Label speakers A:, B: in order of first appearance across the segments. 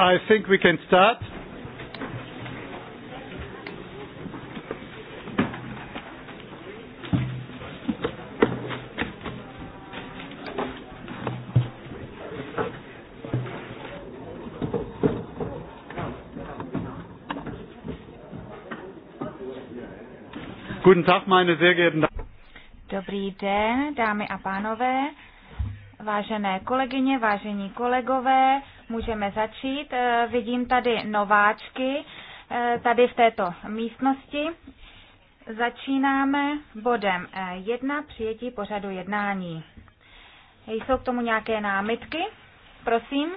A: I think we can start.
B: Guten Tag, meine sehr geehrten Damen. Dobrý den, dámy a pánové, vážené kolegyně, vážení kolegové. Můžeme začít. Eh, vidím tady nováčky eh, tady v této místnosti. Začínáme bodem 1 eh, přijetí pořadu jednání. Jsou k tomu nějaké námitky? Prosím,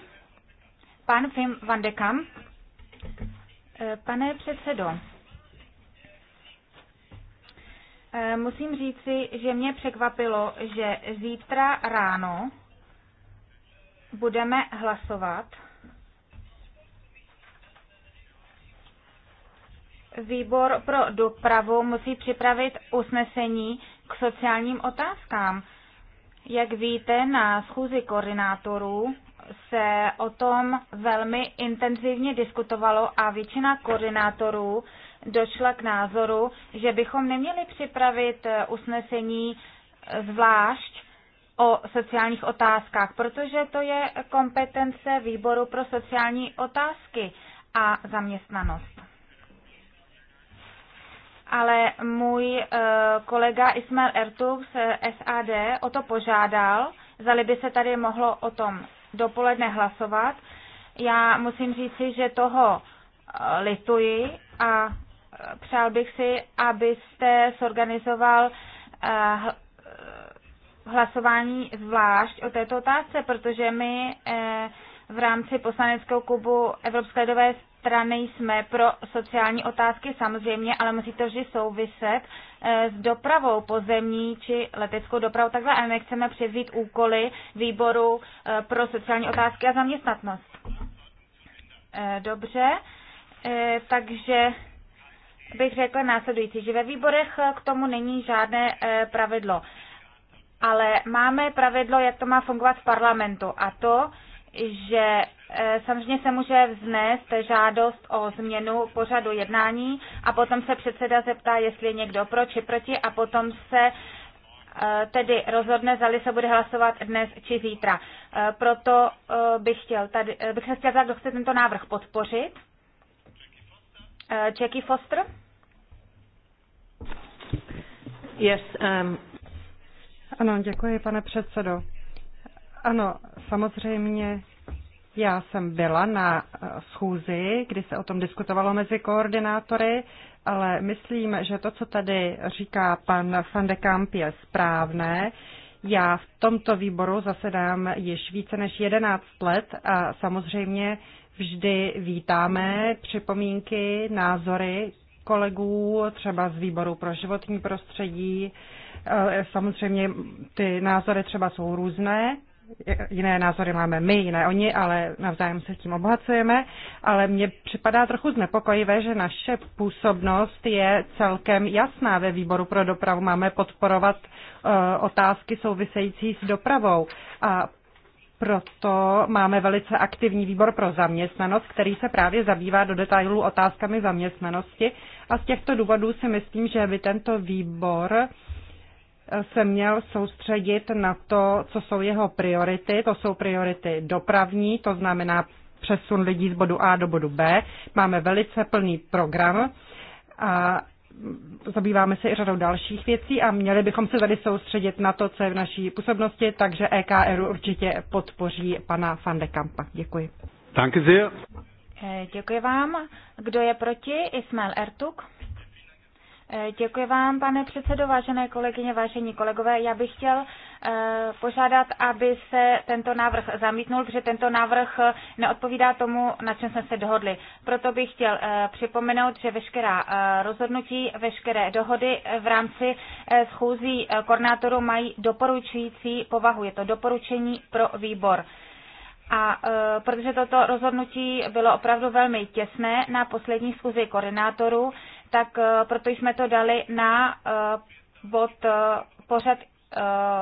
B: pan Fim van de Kam. Pane předsedo, musím říci, že mě překvapilo, že zítra ráno budeme hlasovat Výbor pro dopravu musí připravit usnesení k sociálním otázkám. Jak víte, na schůzi koordinátorů se o tom velmi intenzivně diskutovalo a většina koordinátorů došla k názoru, že bychom neměli připravit usnesení zvlášť o sociálních otázkách, protože to je kompetence výboru pro sociální otázky a zaměstnanost. Ale můj eh, kolega Ismail Ertug z SAD o to požádal, zali by se tady mohlo o tom dopoledne hlasovat. Já musím říci, že toho eh, lituji a eh, přál bych si, abyste sorganizoval hlasování zvlášť o této otázce, protože my eh, v rámci poslaneckého klubu Evropské lidové strany jsme pro sociální otázky samozřejmě, ale musí to vždy souviset eh, s dopravou pozemní či leteckou dopravou takhle, ale nechceme převzít úkoly výboru eh, pro sociální otázky a zaměstnatnost. Dobře, takže bych řekla následující, že ve výborech k tomu není žádné pravidlo ale máme pravidlo, jak to má fungovat v parlamentu a to, že e, samozřejmě se může vznést žádost o změnu pořadu jednání a potom se předseda zeptá, jestli je někdo pro či proti a potom se e, tedy rozhodne, zda se bude hlasovat dnes či zítra. E, proto bych, chtěl tady, bych se chtěl zeptat, kdo chce tento návrh podpořit. Jackie Foster?
A: Yes, um, ano, děkuji, pane předsedo. Ano, samozřejmě já jsem byla na eh, schůzi, kdy se o tom diskutovalo mezi koordinátory, ale myslím, že to, co tady říká pan van de Kamp, je správné. Já v tomto výboru zasedám již více než 11 let a samozřejmě vždy vítáme připomínky, názory kolegů, třeba z výboru pro životní prostředí, Eh, samozřejmě ty názory třeba jsou různé, jiné názory máme my, jiné oni, ale navzájem se tím obohacujeme. Ale mně připadá trochu znepokojivé, že naše působnost je celkem jasná ve výboru pro dopravu. Máme podporovat uh, otázky související s dopravou a proto máme velice aktivní výbor pro zaměstnanost, který se právě zabývá do detailů otázkami zaměstnanosti. A z těchto důvodů si myslím, že by tento výbor uh, se měl soustředit na to, co jsou jeho priority. To jsou priority dopravní, to znamená přesun lidí z bodu A do bodu B. Máme velice plný program a zabýváme se i řadou dalších věcí a měli bychom se tady soustředit na to, co je v naší působnosti, takže EKR určitě podpoří pana van de Kampa. Děkuji. Danke sehr.
B: Eh, děkuji vám. Kdo je proti? Ismail Ertuk. Eh, děkuji vám, pane předsedo, vážené kolegyně, vážení kolegové. Já bych chtěl eh, požádat, aby se tento návrh zamítnul, protože tento návrh eh, neodpovídá tomu, na čem jsme se dohodli. Proto bych chtěl připomenout, že veškerá rozhodnutí, veškeré dohody v rámci schůzí koordinátorů mají doporučující povahu. Je to doporučení pro výbor. A e, protože toto rozhodnutí bylo opravdu velmi těsné na poslední schůzi koordinátorů, tak eh, proto jsme to dali na eh, bod eh, pořad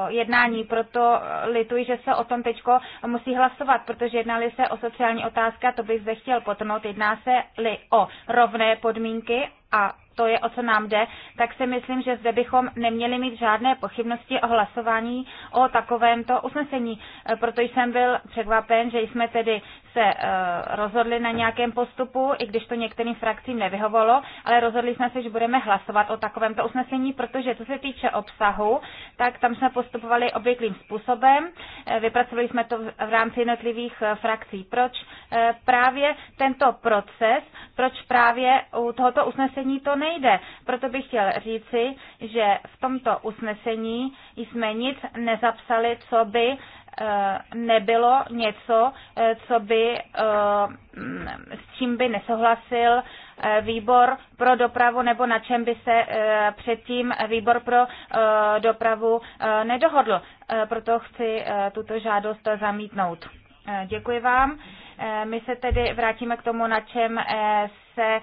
B: jednání, proto lituji, že se o tom teď musí hlasovat, protože jednali se o sociální otázka, to bych zde chtěl potnout, jedná se-li o rovné podmínky a to je, o co nám jde, tak si myslím, že zde bychom neměli mít žádné pochybnosti o hlasování o takovémto usnesení. E, proto jsem byl překvapen, že jsme tedy se e, rozhodli na nějakém postupu, i když to některým frakcím nevyhovovalo, ale rozhodli jsme se, že budeme hlasovat o takovémto usnesení, protože co se týče obsahu, tak tam jsme postupovali obvyklým způsobem. E, vypracovali jsme to v rámci jednotlivých frakcí. Proč právě tento proces, proč právě u tohoto usnesení to není? nejde. Proto bych chtěl říci, že v tomto usnesení jsme nic nezapsali, co by eh, nebylo něco, eh, co by, eh, mm, s čím by nesouhlasil výbor pro dopravu nebo na čem by se předtím výbor pro dopravu nedohodl. Proto chci tuto žádost zamítnout. Děkuji vám. My se tedy vrátíme k tomu, na čem se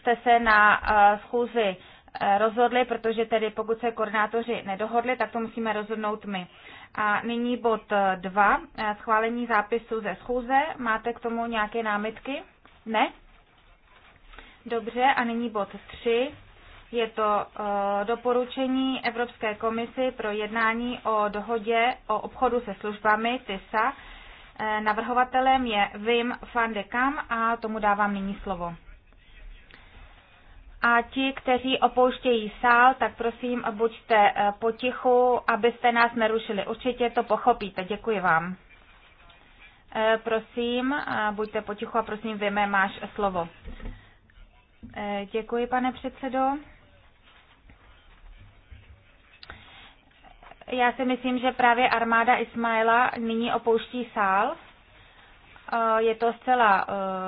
B: jste se na eh, schůzi eh, rozhodli, protože tedy pokud se koordinátoři nedohodli, tak to musíme rozhodnout my. A nyní bod 2, eh, schválení zápisu ze schůze. Máte k tomu nějaké námitky? Ne? Dobře, a nyní bod 3. Je to doporučení Evropské komisi pro jednání o dohodě o obchodu se službami TISA. Navrhovatelem je Vim van de Kam a tomu dávám nyní slovo. A ti, kteří opouštějí sál, tak prosím, buďte eh, potichu, abyste nás nerušili. Určitě to pochopíte. Děkuji vám. Eh, prosím, eh, buďte potichu a prosím, vyjme, máš slovo. Děkuji, pane předsedo. Já si myslím, že právě armáda Ismaila nyní opouští sál. Je to zcela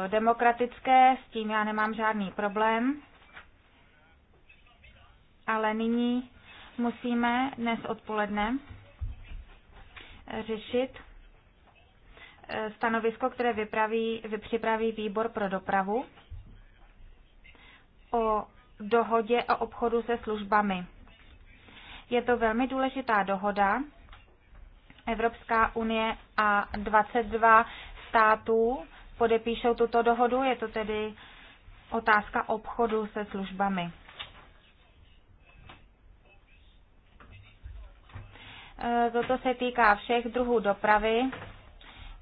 B: demokratické, s tím já nemám žádný problém ale nyní musíme dnes odpoledne řešit eh, stanovisko, které vypraví, připraví výbor pro dopravu o dohodě o obchodu se službami. Je to velmi důležitá dohoda. Evropská unie a 22 států podepíšou tuto dohodu. Je to tedy otázka obchodu se službami. Eh, toto se týká všech druhů dopravy.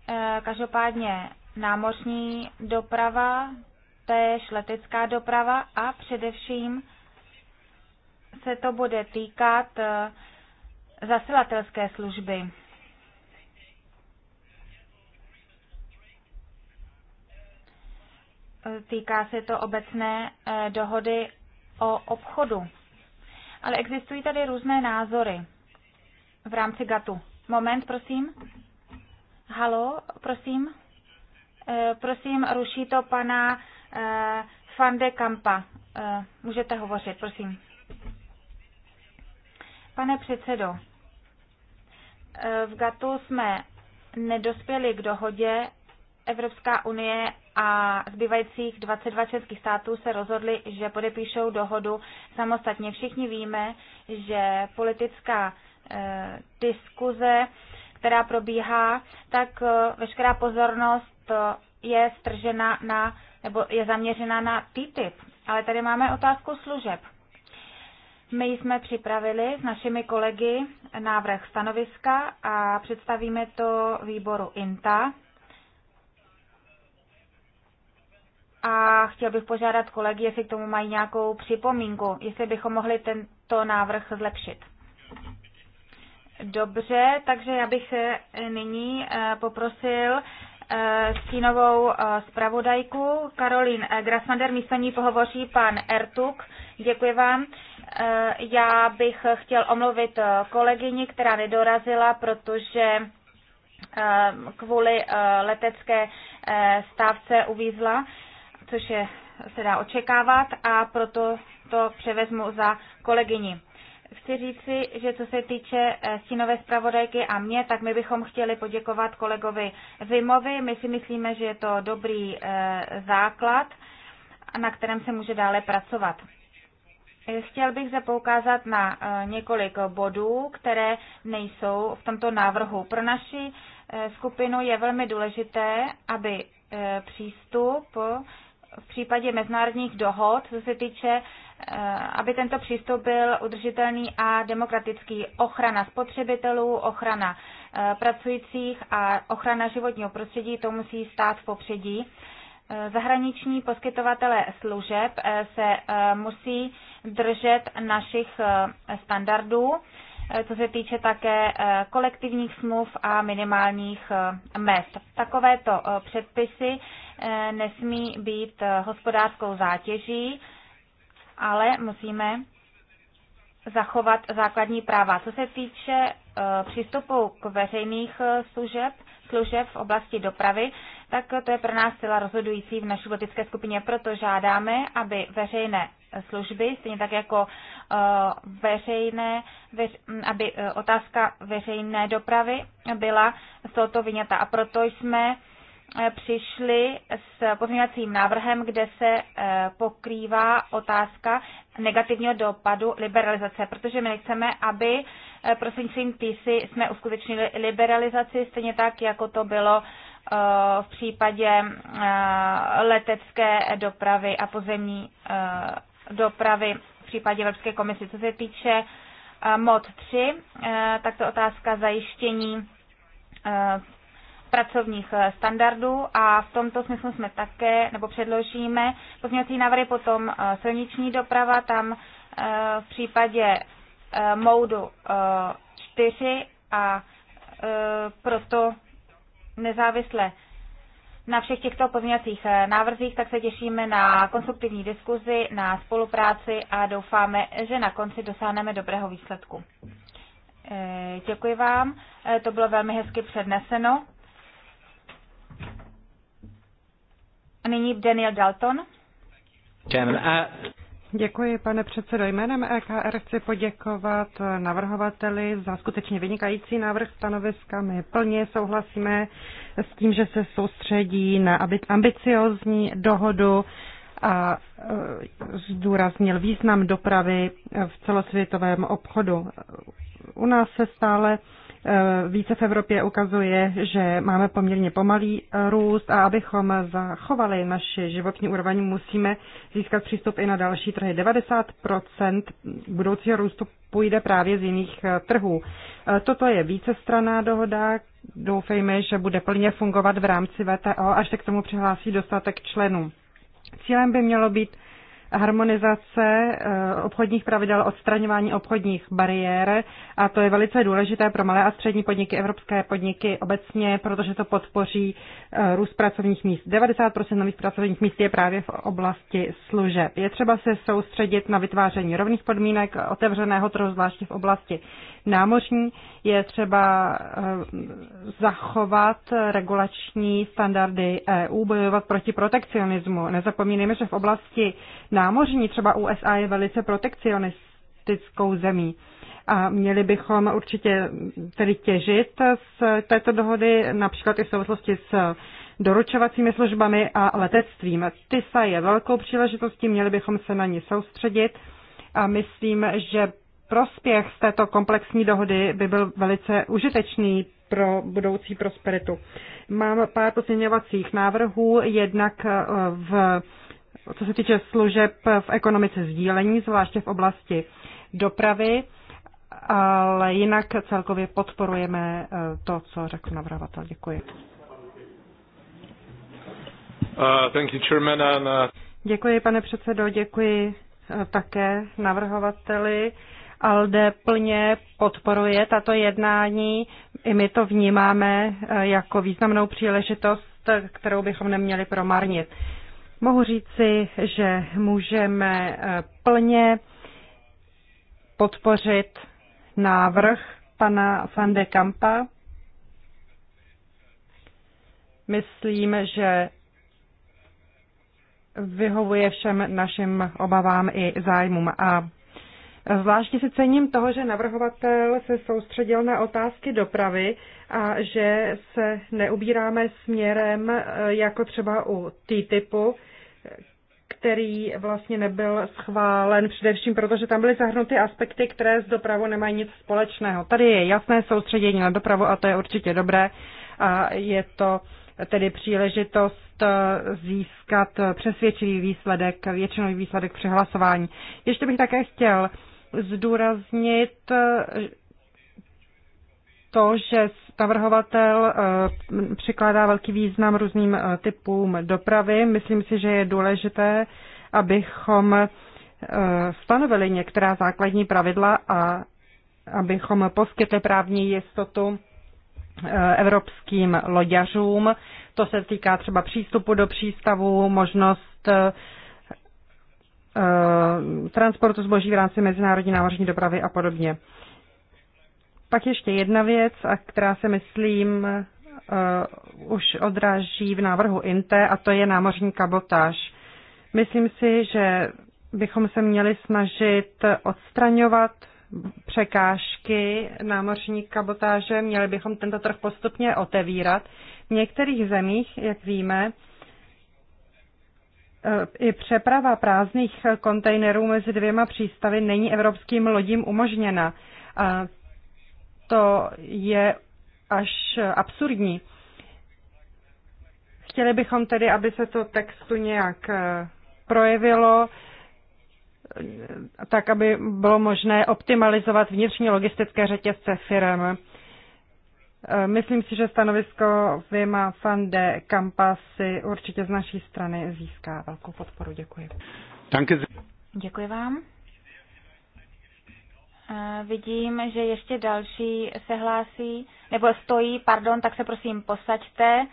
B: Eh, každopádně námořní doprava, též letecká doprava a především se to bude týkat eh, zasilatelské služby. Týká se to obecné dohody o obchodu. Ale existují tady různé názory v rámci GATu. Moment, prosím. Halo, prosím. E, prosím, ruší to pana e, Van de Kampa. E, můžete hovořit, prosím. Pane předsedo, e, v GATu jsme nedospěli k dohodě. Evropská unie a zbývajících 22 českých států se rozhodli, že podepíšou dohodu samostatně. Všichni víme, že politická Eh, diskuze, která probíhá, tak eh, veškerá pozornost eh, je stržena na, nebo je zaměřena na TTIP. Ale tady máme otázku služeb. My jsme připravili s našimi kolegy návrh stanoviska a představíme to výboru INTA. A chtěl bych požádat kolegy, jestli k tomu mají nějakou připomínku, jestli bychom mohli tento návrh zlepšit. Dobře, takže já bych eh, nyní eh, poprosil eh, stínovou zpravodajku Karolín Grasmander, místo ní pohovoří pan Ertuk. Děkuji vám. Já bych chtěl omluvit kolegyni, která nedorazila, protože kvůli letecké stávce uvízla, což je, se dá očekávat a proto to převezmu za kolegyni chci si, že co se týče eh, stínové zpravodajky a mě, tak my bychom chtěli poděkovat kolegovi Vimovi. My si myslíme, že je to dobrý eh, základ, na kterém se může dále pracovat. Eh, chtěl bych zapoukázat na několik bodů, které nejsou v tomto návrhu. Pro naši skupinu je velmi důležité, aby přístup v případě mezinárodních dohod, co se týče, eh, aby tento přístup byl udržitelný a demokratický. Ochrana spotřebitelů, ochrana eh, pracujících a ochrana životního prostředí, to musí stát v popředí. Eh, zahraniční poskytovatelé služeb se musí držet našich standardů Eh, co se týče také eh, kolektivních smluv a minimálních eh, mest. Takovéto předpisy nesmí být hospodářskou zátěží, ale musíme zachovat základní práva. Co se týče přístupu k veřejných služeb, služeb v oblasti dopravy, tak to je pro nás celá rozhodující v naší politické skupině. Proto žádáme, aby veřejné služby, stejně tak jako eh, veřejné, aby eh, otázka veřejné dopravy byla z tohoto vyňata. A proto jsme eh, přišli s pozměňovacím návrhem, kde se pokrývá otázka negativního dopadu liberalizace, protože my nechceme, aby prostřednictvím TISy jsme uskutečnili liberalizaci, stejně tak, jako to bylo v případě letecké dopravy a pozemní dopravy v případě Evropské komise. Co se týče eh, mod 3, eh, tak to otázka zajištění eh, pracovních standardů a v tomto smyslu jsme také, nebo předložíme pozměňovací návrhy, potom silniční doprava, tam v případě moudu 4 a proto nezávisle na všech těchto pozměňovacích eh, návrzích, tak se těšíme na konstruktivní diskuzi, na spolupráci a doufáme, že na konci dosáhneme dobrého výsledku. Eh, děkuji vám, eh, to bylo velmi hezky předneseno. Nyní Daniel Dalton.
A: Chairman, uh... Děkuji, pane předsedo. Jménem EKR chci poděkovat navrhovateli za skutečně vynikající návrh stanoviska. My plně souhlasíme s tím, že se soustředí na ambiciozní dohodu a e, zdůraznil význam dopravy v celosvětovém obchodu. U nás se stále Eh, více v Evropě ukazuje, že máme poměrně pomalý eh, růst a abychom zachovali naši životní úroveň, musíme získat přístup i na další trhy. 90 budoucího růstu půjde právě z jiných eh, trhů. Toto je vícestraná dohoda, doufejme, že bude plně fungovat v rámci VTO, až se k tomu přihlásí dostatek členů. Cílem by mělo být harmonizace eh, obchodních pravidel, odstraňování obchodních bariér a to je velice důležité pro malé a střední podniky, evropské podniky obecně, protože to podpoří eh, růst pracovních míst. 90% nových pracovních míst je právě v oblasti služeb. Je třeba se soustředit na vytváření rovných podmínek otevřeného trhu, zvláště v oblasti námořní. Je třeba eh, zachovat regulační standardy EU, bojovat proti protekcionismu. Nezapomínejme, že v oblasti námořní námořní, třeba USA je velice protekcionistickou zemí. A měli bychom určitě tedy těžit z této dohody, například i v souvislosti s doručovacími službami a letectvím. TISA je velkou příležitostí, měli bychom se na ní soustředit a myslím, že prospěch z této komplexní dohody by byl velice užitečný pro budoucí prosperitu. Mám pár pozměňovacích návrhů, jednak eh, v co se týče služeb v ekonomice sdílení, zvláště v oblasti dopravy, ale jinak celkově podporujeme eh, to, co řekl navrhovatel. Děkuji. Uh, uh, děkuji, pane předsedo, děkuji eh, také navrhovateli. ALDE plně podporuje tato jednání. I my to vnímáme eh, jako významnou příležitost, kterou bychom neměli promarnit mohu říci, že můžeme eh, plně podpořit návrh pana van de Kampa. Myslím, že vyhovuje všem našim obavám i zájmům. A zvláště si cením toho, že navrhovatel se soustředil na otázky dopravy a že se neubíráme směrem eh, jako třeba u T-typu, který vlastně nebyl schválen, především protože tam byly zahrnuty aspekty, které s dopravou nemají nic společného. Tady je jasné soustředění na dopravu a to je určitě dobré a je to tedy příležitost eh, získat přesvědčivý výsledek, většinový výsledek při hlasování. Ještě bych také chtěl zdůraznit, eh, to, že navrhovatel eh, přikládá velký význam různým eh, typům dopravy. Myslím si, že je důležité, abychom eh, stanovili některá základní pravidla a abychom poskytli právní jistotu evropským loďařům. To se týká třeba přístupu do přístavu, možnost transportu zboží v rámci mezinárodní námořní dopravy a podobně. Pak ještě jedna věc, a která se myslím uh, už odráží v návrhu INTE, a to je námořní kabotáž. Myslím si, že bychom se měli snažit odstraňovat překážky námořní kabotáže, měli bychom tento trh postupně otevírat. V některých zemích, jak víme, eh, i přeprava prázdných kontejnerů mezi dvěma přístavy není evropským lodím umožněna. A to je až absurdní. Chtěli bychom tedy, aby se to textu nějak eh, projevilo, eh, tak aby bylo možné optimalizovat vnitřní logistické řetězce firm. Eh, myslím si, že stanovisko Vima Fande Kampa
B: si určitě z naší strany získá velkou podporu. Děkuji. Děkuji vám. Vidím, že ještě další se hlásí, nebo stojí, pardon, tak se prosím posaďte.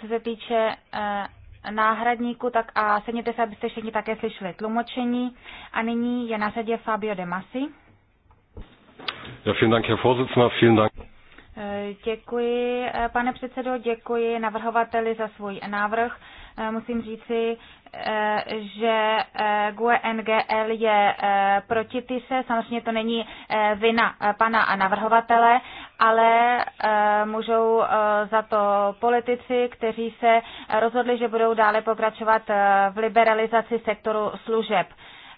B: Co se týče e, náhradníku, tak a sedněte se, abyste všichni také slyšeli tlumočení. A nyní je na řadě Fabio De Masi. Ja, vielen Dank, Herr Vorsitzender, vielen Dank. E, děkuji, e, pane předsedo, děkuji navrhovateli za svůj návrh musím říci, eh, že eh, GUE NGL je eh, proti TISE. Samozřejmě to není vina pana a navrhovatele, ale můžou za to politici, kteří se rozhodli, že budou dále pokračovat v liberalizaci sektoru služeb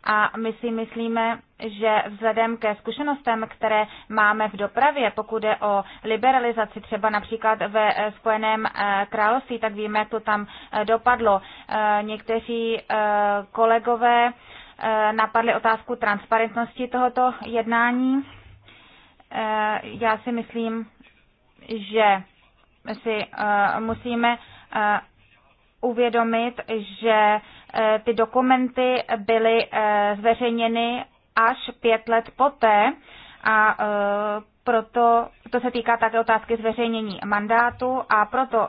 B: a my si myslíme, že vzhledem ke zkušenostem, které máme v dopravě, pokud je o liberalizaci třeba například ve Spojeném eh, království, tak víme, jak to tam eh, dopadlo. Eh, někteří kolegové napadli otázku transparentnosti tohoto jednání. Já si myslím, že si musíme uvědomit, že Eh, ty dokumenty byly eh, zveřejněny až pět let poté a eh, proto to se týká také otázky zveřejnění mandátu a proto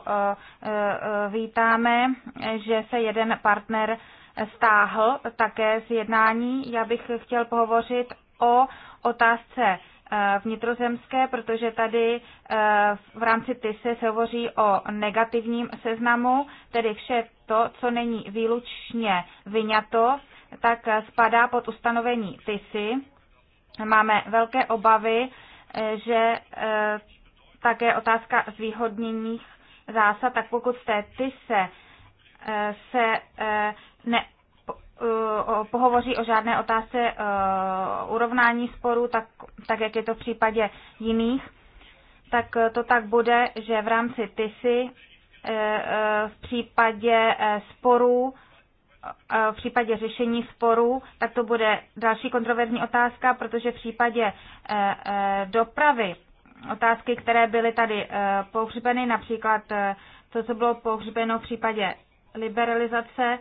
B: vítáme, že se jeden partner stáhl také z jednání. Já bych chtěl pohovořit o otázce Eh, vnitrozemské, protože tady eh, v rámci tisy se hovoří o negativním seznamu, tedy vše to, co není výlučně vyňato, tak eh, spadá pod ustanovení TISY. Máme velké obavy, že také otázka zvýhodněních zásad, tak pokud v té TISE se ne, Eh, pohovoří o žádné otázce eh, urovnání sporů, tak, tak jak je to v případě jiných, tak eh, to tak bude, že v rámci TISy v případě sporů, v případě řešení sporů, tak to bude další kontroverzní otázka, protože v případě dopravy otázky, které byly tady pohřbeny, například to, co bylo pohřbeno v případě liberalizace,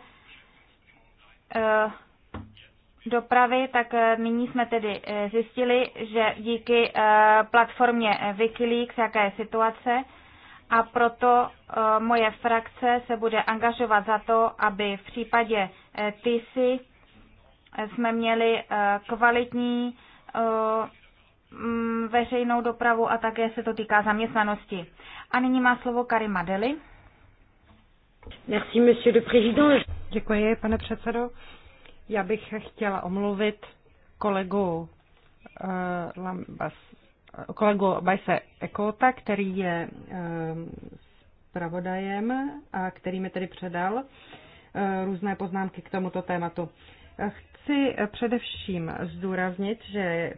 B: Eh, dopravy, tak eh, nyní jsme tedy eh, zjistili, že díky platformě Wikileaks, jaká je situace, a proto moje frakce se bude angažovat za to, aby v případě TISy jsme měli kvalitní mm, veřejnou dopravu a také se to týká zaměstnanosti. A nyní má slovo Karima Deli.
A: Merci, monsieur le président. Děkuji, pane předsedo.
B: Já bych chtěla
A: omluvit kolegu, uh, Lambas, eh, kolegu Bajse Ekota, který je eh, zpravodajem uh, a který mi tedy předal uh, různé poznámky k tomuto tématu. Chci především zdůraznit, že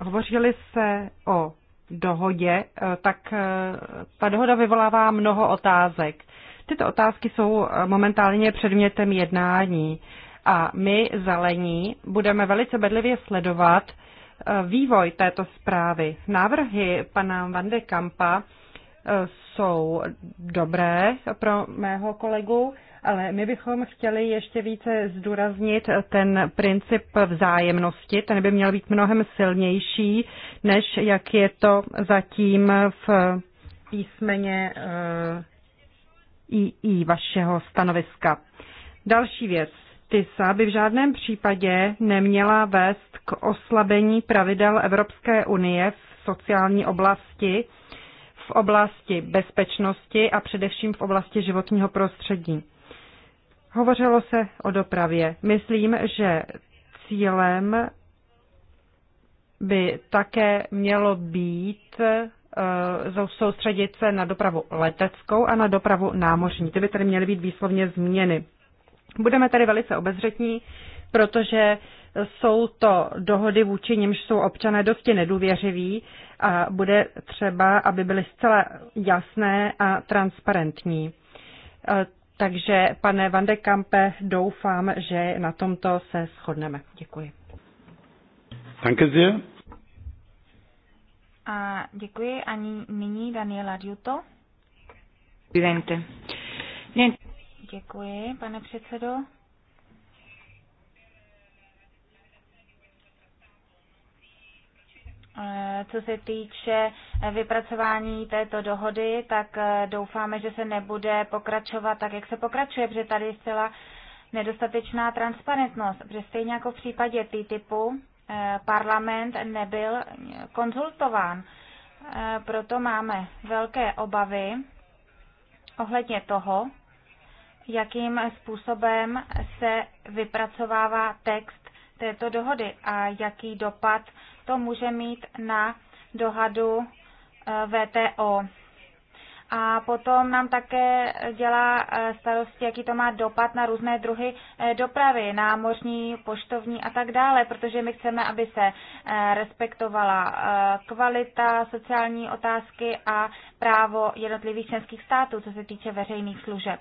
A: hovořili se o dohodě, tak ta dohoda vyvolává mnoho otázek. Tyto otázky jsou eh, momentálně předmětem jednání a my, zelení, budeme velice bedlivě sledovat eh, vývoj této zprávy. Návrhy pana Van de Kampa eh, jsou dobré pro mého kolegu, ale my bychom chtěli ještě více zdůraznit ten princip vzájemnosti. Ten by měl být mnohem silnější, než jak je to zatím v písmeně II vašeho stanoviska. Další věc. TISA by v žádném případě neměla vést k oslabení pravidel Evropské unie v sociální oblasti, v oblasti bezpečnosti a především v oblasti životního prostředí. Hovořilo se o dopravě. Myslím, že cílem by také mělo být Eh, soustředit se na dopravu leteckou a na dopravu námořní. Ty by tedy měly být výslovně změny. Budeme tady velice obezřetní, protože jsou to dohody, vůči nimž jsou občané dosti nedůvěřiví a bude třeba, aby byly zcela jasné a transparentní. Eh, takže, pane Van de Kampe, doufám, že na tomto se shodneme.
B: Děkuji. Danke sehr. A děkuji ani nyní Daniela Diuto. Vivente. Děkuji, pane předsedo. Eh, co se týče vypracování této dohody, tak eh, doufáme, že se nebude pokračovat tak, jak se pokračuje, protože tady je zcela nedostatečná transparentnost, protože stejně jako v případě TTIPu, Eh, parlament nebyl konzultován. Eh, proto máme velké obavy ohledně toho, jakým způsobem se vypracovává text této dohody a jaký dopad to může mít na dohadu eh, VTO. A potom nám také dělá eh, starosti, jaký to má dopad na různé druhy eh, dopravy, námořní, poštovní a tak dále, protože my chceme, aby se eh, respektovala kvalita, sociální otázky a právo jednotlivých členských států, co se týče veřejných služeb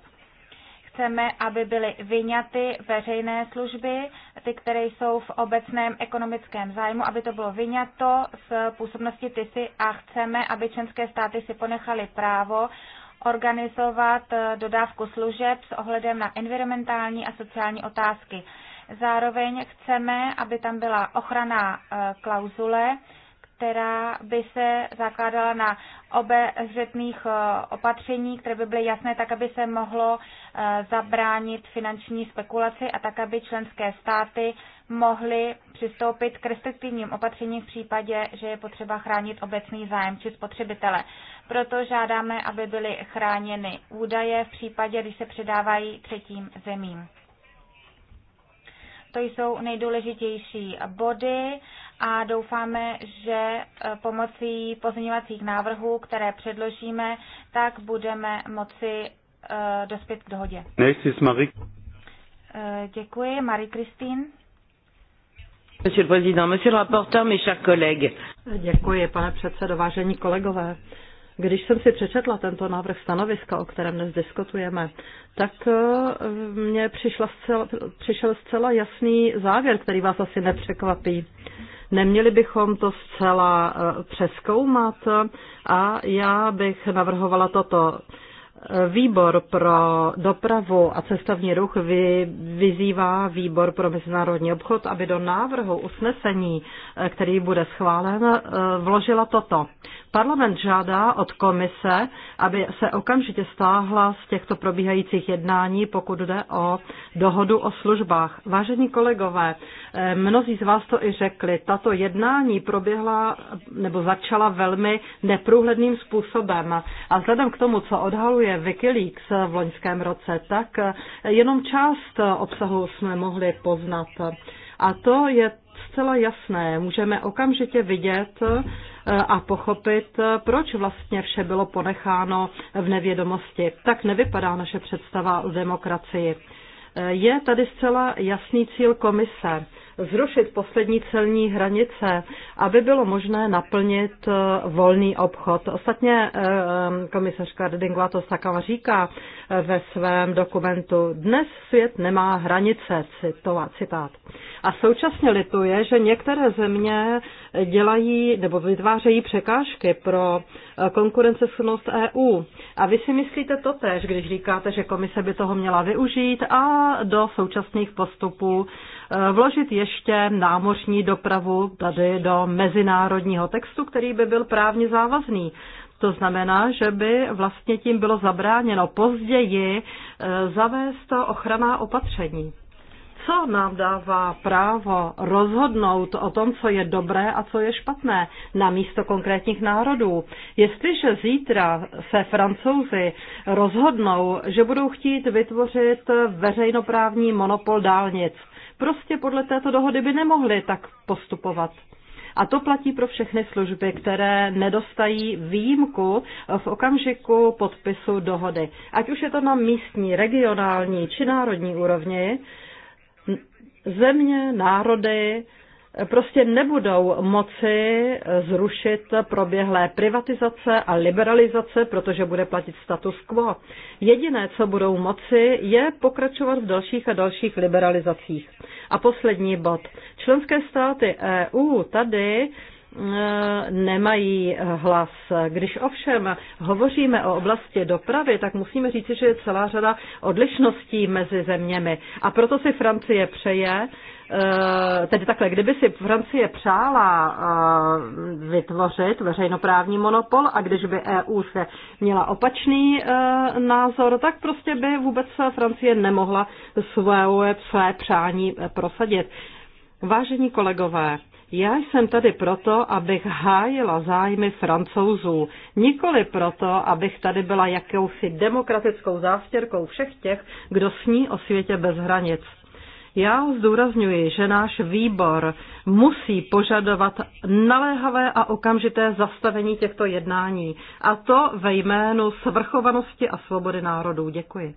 B: chceme, aby byly vyňaty veřejné služby, ty, které jsou v obecném ekonomickém zájmu, aby to bylo vyňato z působnosti TISy a chceme, aby členské státy si ponechaly právo organizovat eh, dodávku služeb s ohledem na environmentální a sociální otázky. Zároveň chceme, aby tam byla ochrana eh, klauzule, která by se zakládala na obezřetných eh, opatření, které by byly jasné, tak aby se mohlo eh, zabránit finanční spekulaci a tak, aby členské státy mohly přistoupit k restriktivním opatřením v případě, že je potřeba chránit obecný zájem či spotřebitele. Proto žádáme, aby byly chráněny údaje v případě, když se předávají třetím zemím. To jsou nejdůležitější body a doufáme, že eh, pomocí pozměňovacích návrhů, které předložíme, tak budeme moci eh, dospět k dohodě. Eh, děkuji, Marie-Christine.
A: Monsieur le Président, Monsieur le rapporteur, mes chers collègues. Děkuji, pane předsedo, vážení kolegové. Když jsem si přečetla tento návrh stanoviska, o kterém dnes diskutujeme, tak eh, mně přišla zcela, přišel zcela jasný závěr, který vás asi nepřekvapí. Neměli bychom to zcela eh, přeskoumat a já bych navrhovala toto. Eh, výbor pro dopravu a cestovní ruch vy, vyzývá výbor pro mezinárodní obchod, aby do návrhu usnesení, který bude schválen, vložila toto. Parlament žádá od komise, aby se okamžitě stáhla z těchto probíhajících jednání, pokud jde o dohodu o službách. Vážení kolegové, eh, mnozí z vás to i řekli, tato jednání proběhla nebo začala velmi neprůhledným způsobem. A vzhledem k tomu, co odhaluje Wikileaks v loňském roce, tak eh, jenom část obsahu jsme mohli poznat. A to je zcela jasné. Můžeme okamžitě vidět, a pochopit, proč vlastně vše bylo ponecháno v nevědomosti. Tak nevypadá naše představa o demokracii. Je tady zcela jasný cíl komise zrušit poslední celní hranice, aby bylo možné naplnit eh, volný obchod. Ostatně eh, eh, komisařka Redingová to takhle říká ve svém dokumentu. Dnes svět nemá hranice, citová citát. A současně lituje, že některé země dělají nebo vytvářejí překážky pro konkurenceschopnost EU. A vy si myslíte to tež, když říkáte, že komise by toho měla využít a do současných postupů Eh, vložit ještě námořní dopravu tady do mezinárodního textu, který by byl právně závazný. To znamená, že by vlastně tím bylo zabráněno později eh, zavést ochranná opatření. Co nám dává právo rozhodnout o tom, co je dobré a co je špatné na místo konkrétních národů? Jestliže zítra se francouzi rozhodnou, že budou chtít vytvořit veřejnoprávní monopol dálnic, prostě podle této dohody by nemohli tak postupovat. A to platí pro všechny služby, které nedostají výjimku v okamžiku podpisu dohody. Ať už je to na místní, regionální či národní úrovni, země, národy prostě nebudou moci zrušit proběhlé privatizace a liberalizace, protože bude platit status quo. Jediné, co budou moci, je pokračovat v dalších a dalších liberalizacích. A poslední bod. Členské státy EU tady eh, nemají hlas. Když ovšem hovoříme o oblasti dopravy, tak musíme říci, že je celá řada odlišností mezi zeměmi. A proto si Francie přeje, Eh, tedy takhle, kdyby si Francie přála eh, vytvořit veřejnoprávní monopol a když by EU se měla opačný eh, názor, tak prostě by vůbec Francie nemohla své, své přání prosadit. Vážení kolegové, já jsem tady proto, abych hájila zájmy francouzů, nikoli proto, abych tady byla jakousi demokratickou zástěrkou všech těch, kdo sní o světě bez hranic. Já zdůrazňuji, že náš výbor musí požadovat naléhavé a okamžité zastavení těchto jednání, a to ve jménu svrchovanosti a svobody národů. Děkuji.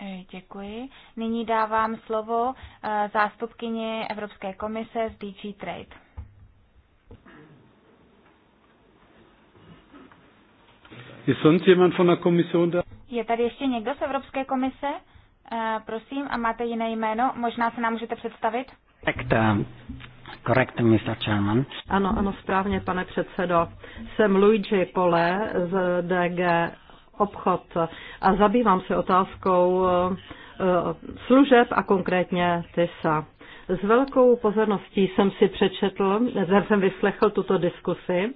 B: E, děkuji. Nyní dávám slovo e, zástupkyni Evropské komise z DG Trade. Ist sonst jemand von der Kommission da? Je tady ještě někdo z Evropské komise? Uh, prosím, a máte jiné jméno? Možná se nám můžete představit? Tak to, Correct, eh, Mr. Chairman.
A: Ano, ano, správně, pane předsedo. Jsem Luigi Pole z DG Obchod a zabývám se otázkou eh, služeb a konkrétně TISA. S velkou pozorností jsem si přečetl, jsem vyslechl tuto diskusi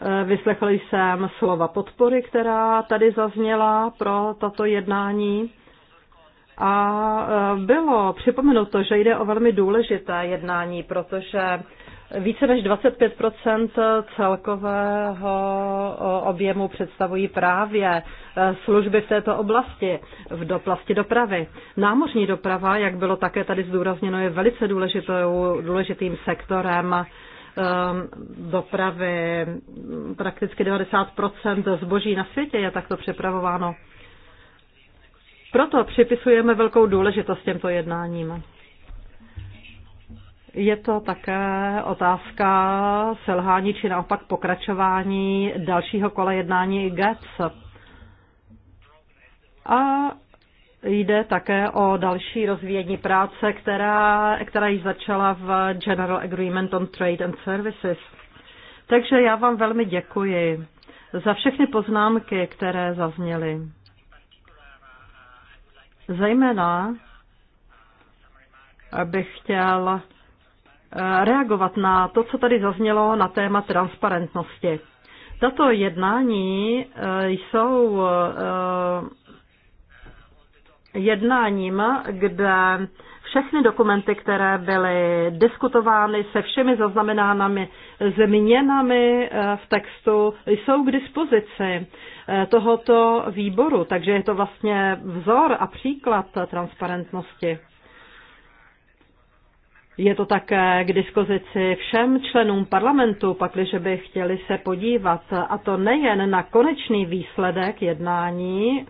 A: Eh, Vyslechl jsem slova podpory, která tady zazněla pro tato jednání. A eh, bylo připomenuto, že jde o velmi důležité jednání, protože více než 25 celkového eh, objemu představují právě služby v této oblasti, v doplasti dopravy. Námořní doprava, jak bylo také tady zdůrazněno, je velice důležitou, důležitým sektorem Ehm, dopravy. Prakticky 90% zboží na světě je takto přepravováno. Proto připisujeme velkou důležitost těmto jednáním. Je to také otázka selhání či naopak pokračování dalšího kola jednání GATS. E A Jde také o další rozvíjení práce, která, která již začala v General Agreement on Trade and Services. Takže já vám velmi děkuji za všechny poznámky, které zazněly. Zejména bych chtěl eh, reagovat na to, co tady zaznělo na téma transparentnosti. Tato jednání eh, jsou eh, jednáním, kde všechny dokumenty, které byly diskutovány se všemi zaznamenánami změnami eh, v textu, jsou k dispozici eh, tohoto výboru. Takže je to vlastně vzor a příklad transparentnosti. Je to také k dispozici všem členům parlamentu, pakliže by chtěli se podívat, a to nejen na konečný výsledek jednání,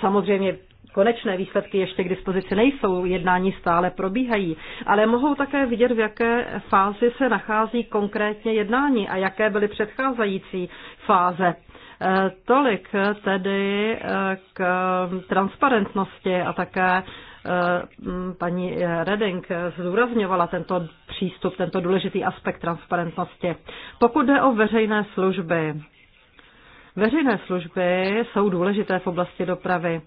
A: samozřejmě konečné výsledky ještě k dispozici nejsou, jednání stále probíhají, ale mohou také vidět, v jaké fázi se nachází konkrétně jednání a jaké byly předcházející fáze. E, tolik tedy e, k transparentnosti a také e, paní Reding zdůrazňovala tento přístup, tento důležitý aspekt transparentnosti. Pokud jde o veřejné služby, veřejné služby jsou důležité v oblasti dopravy.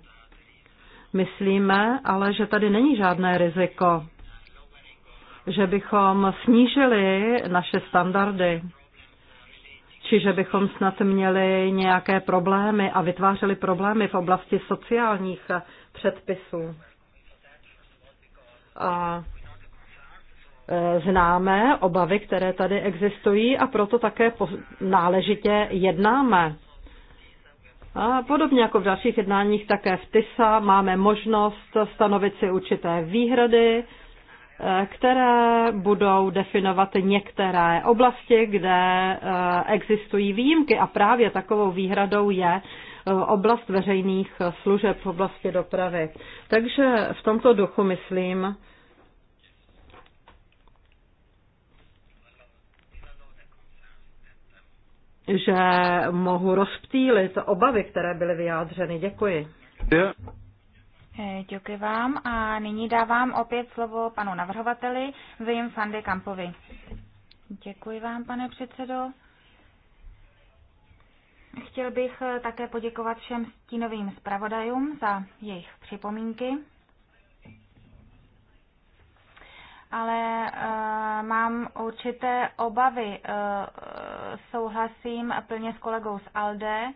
A: Myslíme ale, že tady není žádné riziko, že bychom snížili naše standardy, či že bychom snad měli nějaké problémy a vytvářeli problémy v oblasti sociálních předpisů. A e, známe obavy, které tady existují a proto také náležitě jednáme. A podobně jako v dalších jednáních, také v TISA máme možnost stanovit si určité výhrady, eh, které budou definovat některé oblasti, kde eh, existují výjimky. A právě takovou výhradou je eh, oblast veřejných služeb v oblasti dopravy. Takže v tomto duchu myslím, že mohu rozptýlit obavy, které byly vyjádřeny. Děkuji.
B: Děkuji vám a nyní dávám opět slovo panu navrhovateli Vim Fandy Kampovi. Děkuji vám, pane předsedo. Chtěl bych také poděkovat všem stínovým zpravodajům za jejich připomínky. ale eh, mám určité obavy. Eh, souhlasím plně s kolegou z ALDE,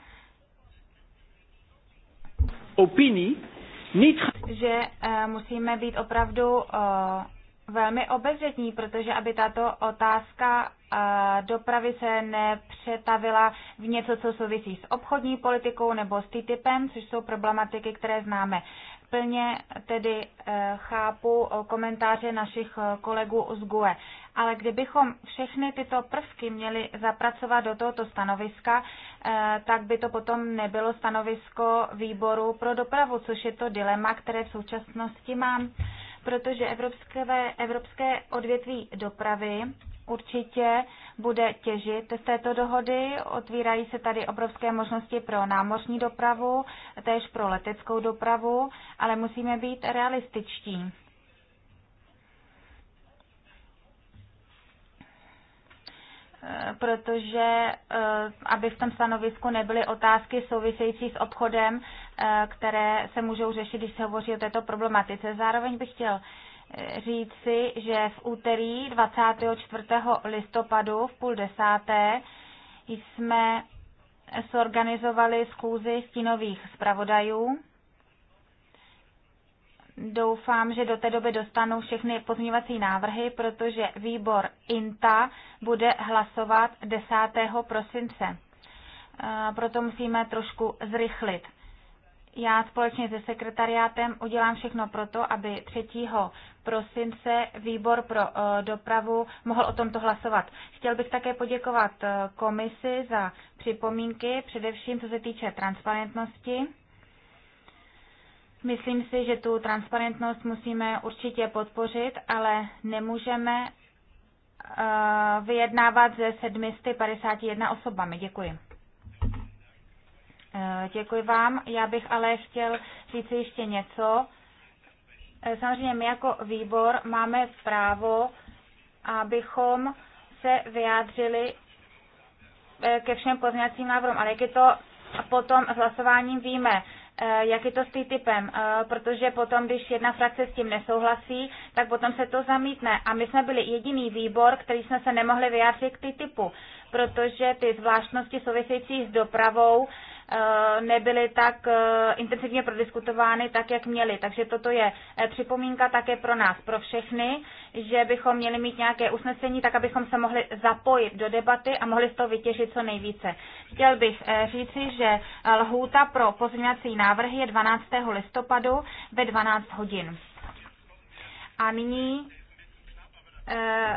B: Opiní, že eh, musíme být opravdu velmi obezřetní, protože aby tato otázka dopravy se nepřetavila v něco, co souvisí s obchodní politikou nebo s TTIPem, což jsou problematiky, které známe plně tedy eh, chápu eh, komentáře našich eh, kolegů z GUE. Ale kdybychom všechny tyto prvky měli zapracovat do tohoto stanoviska, tak by to potom nebylo stanovisko výboru pro dopravu, což je to dilema, které v současnosti mám, protože evropské, evropské odvětví dopravy určitě bude těžit z této dohody. Otvírají se tady obrovské možnosti pro námořní dopravu, též pro leteckou dopravu, ale musíme být realističtí. protože eh, aby v tom stanovisku nebyly otázky související s obchodem, eh, které se můžou řešit, když se hovoří o této problematice. Zároveň bych chtěl říci, že v úterý 24. listopadu v půl desáté jsme sorganizovali schůzi stínových zpravodajů. Doufám, že do té doby dostanou všechny pozměňovací návrhy, protože výbor INTA bude hlasovat 10. prosince. Proto musíme trošku zrychlit já společně se sekretariátem udělám všechno proto, aby 3. prosince výbor pro eh, dopravu mohl o tomto hlasovat. Chtěl bych také poděkovat eh, komisi za připomínky, především co se týče transparentnosti. Myslím si, že tu transparentnost musíme určitě podpořit, ale nemůžeme eh, vyjednávat se 751 osobami. Děkuji. Eh, děkuji vám. Já bych ale chtěl říct ještě něco. Eh, samozřejmě my jako výbor máme právo, abychom se vyjádřili eh, ke všem pozměňovacím návrhům, ale jak je to potom s hlasováním víme, jak je to s typem, protože potom, když jedna frakce s tím nesouhlasí, tak potom se to zamítne. A my jsme byli jediný výbor, který jsme se nemohli vyjádřit k typu, protože ty zvláštnosti související s dopravou Eh, nebyly tak eh, intenzivně prodiskutovány, tak jak měly. Takže toto je eh, připomínka také pro nás, pro všechny, že bychom měli mít nějaké usnesení, tak abychom se mohli zapojit do debaty a mohli z toho vytěžit co nejvíce. Chtěl bych říci, že lhůta pro pozměňovací návrhy je 12. listopadu ve 12 hodin. A nyní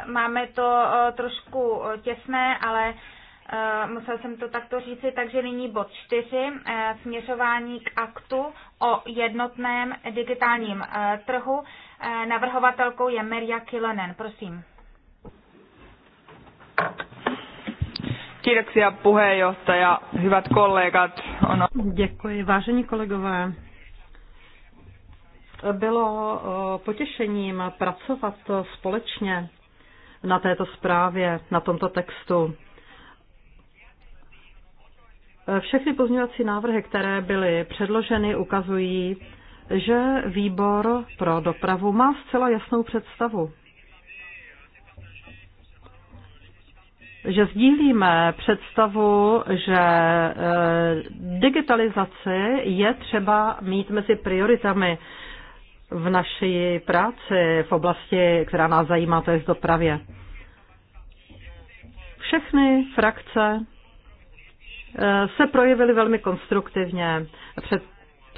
B: máme to trošku těsné, ale Eh, musel jsem to takto říci, takže nyní bod 4, eh, směřování k aktu o jednotném digitálním eh, trhu. Navrhovatelkou je Merja Kilonen, prosím.
A: Kiitoksia puheenjohtaja, hyvät kollegat. On... Děkuji, vážení kolegové. Bylo potěšením pracovat společně na této zprávě, na tomto textu. Eh, všechny pozměňovací návrhy, které byly předloženy, ukazují, že výbor pro dopravu má zcela jasnou představu. Že sdílíme představu, že eh, digitalizaci je třeba mít mezi prioritami v naší práci v oblasti, která nás zajímá, to je v dopravě. Všechny frakce se projevily velmi konstruktivně před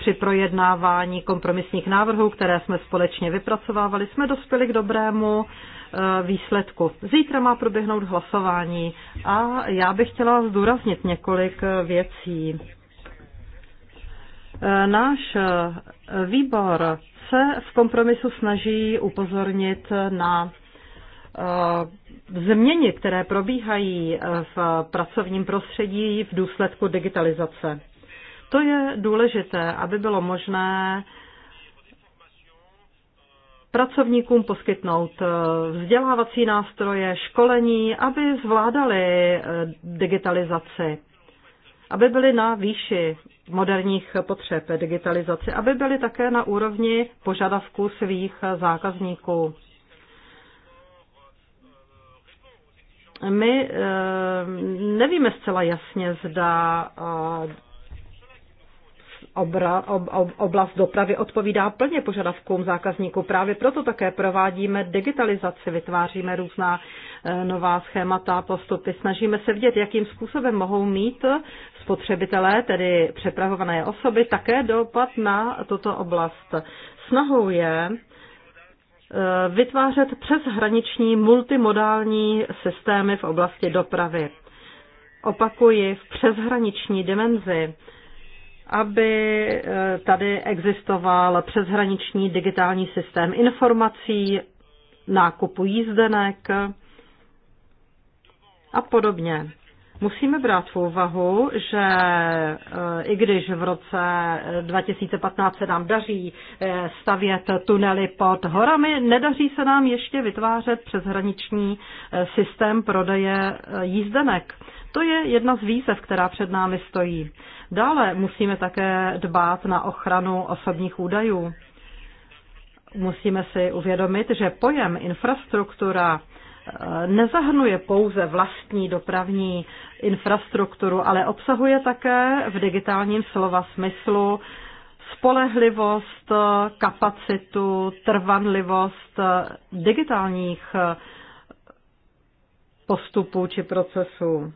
A: při projednávání kompromisních návrhů, které jsme společně vypracovávali, jsme dospěli k dobrému e, výsledku. Zítra má proběhnout hlasování a já bych chtěla zdůraznit několik věcí. E, náš e, výbor se v kompromisu snaží upozornit na změny, které probíhají v pracovním prostředí v důsledku digitalizace. To je důležité, aby bylo možné pracovníkům poskytnout vzdělávací nástroje, školení, aby zvládali digitalizaci, aby byli na výši moderních potřeb digitalizace, aby byli také na úrovni požadavků svých zákazníků. my eh, nevíme zcela jasně, zda eh, obra, ob, ob, oblast dopravy odpovídá plně požadavkům zákazníků. Právě proto také provádíme digitalizaci, vytváříme různá eh, nová schémata, postupy, snažíme se vidět, jakým způsobem mohou mít spotřebitelé, tedy přepravované osoby, také dopad na tuto oblast. Snahou je Eh, vytvářet přeshraniční multimodální systémy v oblasti dopravy. Opakuji, v přeshraniční dimenzi, aby eh, tady existoval přeshraniční digitální systém informací, nákupu jízdenek a podobně. Musíme brát v úvahu, že eh, i když v roce 2015 se nám daří eh, stavět tunely pod horami, nedaří se nám ještě vytvářet přeshraniční eh, systém prodeje jízdenek. To je jedna z výzev, která před námi stojí. Dále musíme také dbát na ochranu osobních údajů. Musíme si uvědomit, že pojem infrastruktura Eh, nezahrnuje pouze vlastní dopravní infrastrukturu, ale obsahuje také v digitálním slova smyslu spolehlivost, kapacitu, trvanlivost eh, digitálních eh, postupů či procesů.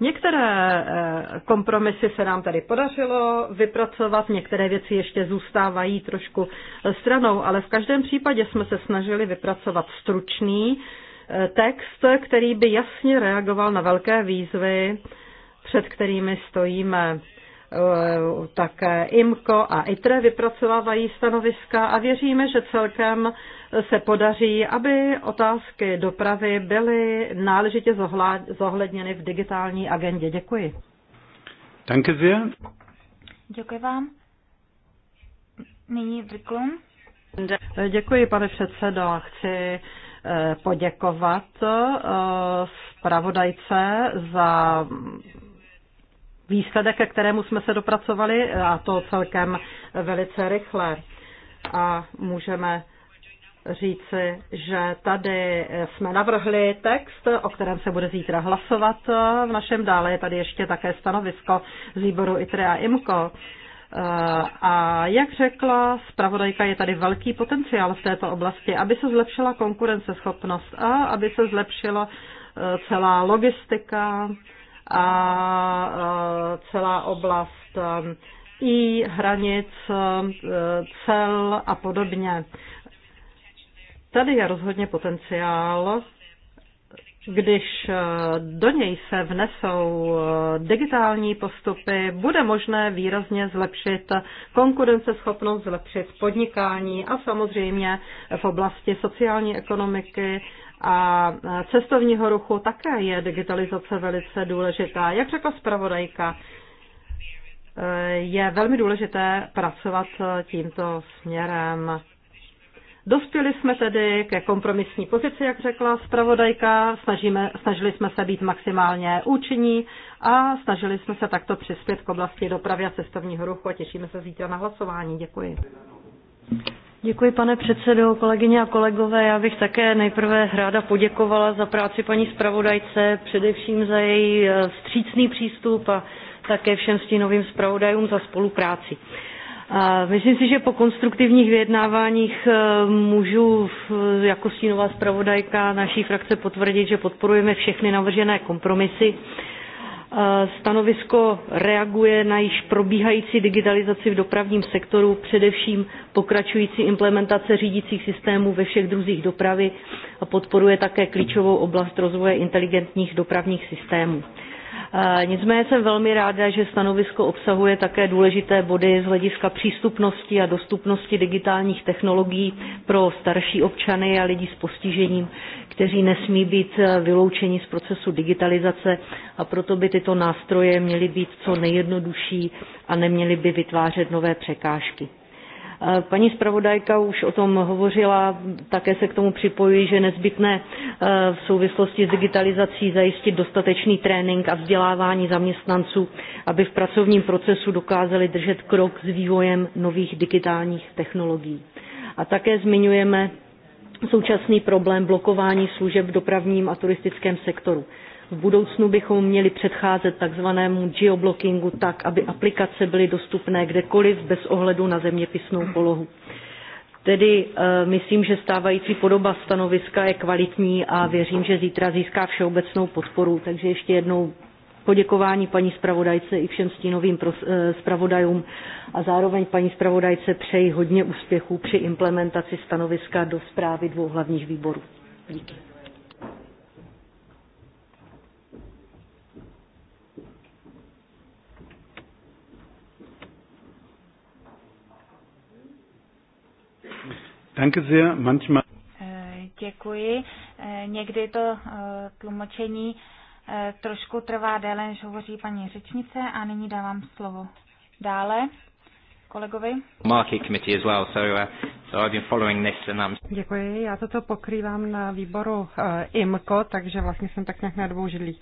A: Některé eh, kompromisy se nám tady podařilo vypracovat, některé věci ještě zůstávají trošku stranou, ale v každém případě jsme se snažili vypracovat stručný eh, text, který by jasně reagoval na velké výzvy, před kterými stojíme. Eh, také IMCO a ITRE vypracovávají stanoviska a věříme, že celkem se podaří, aby otázky dopravy byly náležitě zohledněny v digitální agendě. Děkuji. Danke sehr.
B: Děkuji vám. Nyní Vrklum.
A: Eh, děkuji, pane předsedo. Chci eh, poděkovat zpravodajce za výsledek, ke kterému jsme se dopracovali, a to celkem velice rychle. A můžeme říci, že tady jsme navrhli text, o kterém se bude zítra hlasovat v našem dále. Je tady ještě také stanovisko z výboru ITRE a IMCO. A jak řekla zpravodajka, je tady velký potenciál v této oblasti, aby se zlepšila konkurenceschopnost a aby se zlepšila eh, celá logistika, a celá oblast e, i hranic, e, cel a podobně. Tady je rozhodně potenciál, když e, do něj se vnesou digitální postupy, bude možné výrazně zlepšit konkurenceschopnost, zlepšit podnikání a samozřejmě v oblasti sociální ekonomiky a cestovního ruchu také je digitalizace velice důležitá. Jak řekla zpravodajka, je velmi důležité pracovat tímto směrem. Dospěli jsme tedy ke kompromisní pozici, jak řekla zpravodajka, Snažíme, snažili jsme se být maximálně účinní a snažili jsme se takto přispět k oblasti dopravy a cestovního ruchu a těšíme se zítra na hlasování. Děkuji. Děkuji, pane předsedo, kolegyně a kolegové. Já bych také nejprve ráda poděkovala za práci paní zpravodajce, především za její eh, střícný přístup a také všem stínovým zpravodajům za spolupráci. A myslím si, že po konstruktivních vyjednáváních eh, můžu jako stínová zpravodajka naší frakce potvrdit, že podporujeme všechny navržené kompromisy Stanovisko reaguje na již probíhající digitalizaci v dopravním sektoru, především pokračující implementace řídících systémů ve všech druzích dopravy a podporuje také klíčovou oblast rozvoje inteligentních dopravních systémů. Nicméně jsem velmi ráda, že stanovisko obsahuje také důležité body z hlediska přístupnosti a dostupnosti digitálních technologií pro starší občany a lidi s postižením, kteří nesmí být eh, vyloučeni z procesu digitalizace a proto by tyto nástroje měly být co nejjednodušší a neměly by vytvářet nové překážky. Eh, paní zpravodajka už o tom hovořila, také se k tomu připojuji, že nezbytné eh, v souvislosti s digitalizací zajistit dostatečný trénink a vzdělávání zaměstnanců, aby v pracovním procesu dokázali držet krok s vývojem nových digitálních technologií. A také zmiňujeme současný problém blokování služeb v dopravním a turistickém sektoru. V budoucnu bychom měli předcházet takzvanému geoblockingu tak, aby aplikace byly dostupné kdekoliv bez ohledu na zeměpisnou polohu. Tedy e, myslím, že stávající podoba stanoviska je kvalitní a věřím, že zítra získá všeobecnou podporu. Takže ještě jednou poděkování paní zpravodajce i všem stínovým eh, zpravodajům a zároveň paní zpravodajce přeji hodně úspěchů při implementaci stanoviska do zprávy dvou hlavních výborů. Díky.
B: Eh, děkuji. Eh, někdy to tlumočení Eh, trošku trvá déle, než hovoří paní řečnice a nyní dávám slovo dále kolegovi.
A: Uh, Děkuji, já toto pokrývám na výboru eh, IMCO, takže vlastně jsem tak nějak na dvou židlích.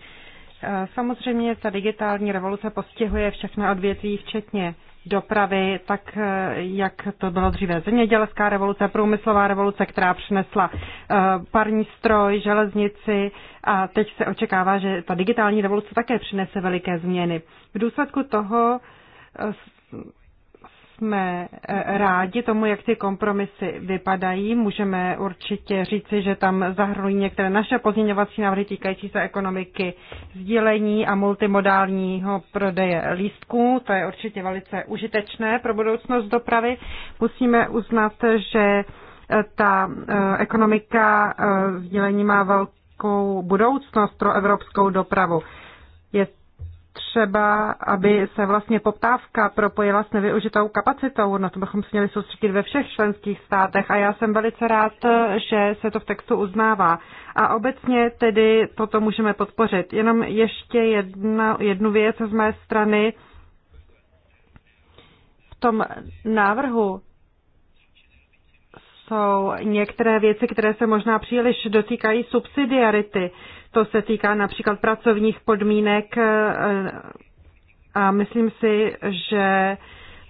A: Eh, samozřejmě ta digitální revoluce postihuje všechna odvětví, včetně dopravy, tak eh, jak to bylo dříve zemědělská revoluce, průmyslová revoluce, která přinesla eh, parní stroj, železnici a teď se očekává, že ta digitální revoluce také přinese veliké změny. V důsledku toho eh, jsme eh, rádi tomu, jak ty kompromisy vypadají. Můžeme určitě říci, že tam zahrnují některé naše pozměňovací návrhy týkající se ekonomiky sdílení a multimodálního prodeje lístků. To je určitě velice užitečné pro budoucnost dopravy. Musíme uznat, že eh, ta eh, ekonomika sdílení má velkou budoucnost pro evropskou dopravu třeba, aby se vlastně poptávka propojila s nevyužitou kapacitou. Na to bychom se měli soustředit ve všech členských státech a já jsem velice rád, že se to v textu uznává. A obecně tedy toto můžeme podpořit. Jenom ještě jedna, jednu věc z mé strany. V tom návrhu jsou některé věci, které se možná příliš dotýkají subsidiarity. To se týká například pracovních podmínek eh, eh, a myslím si, že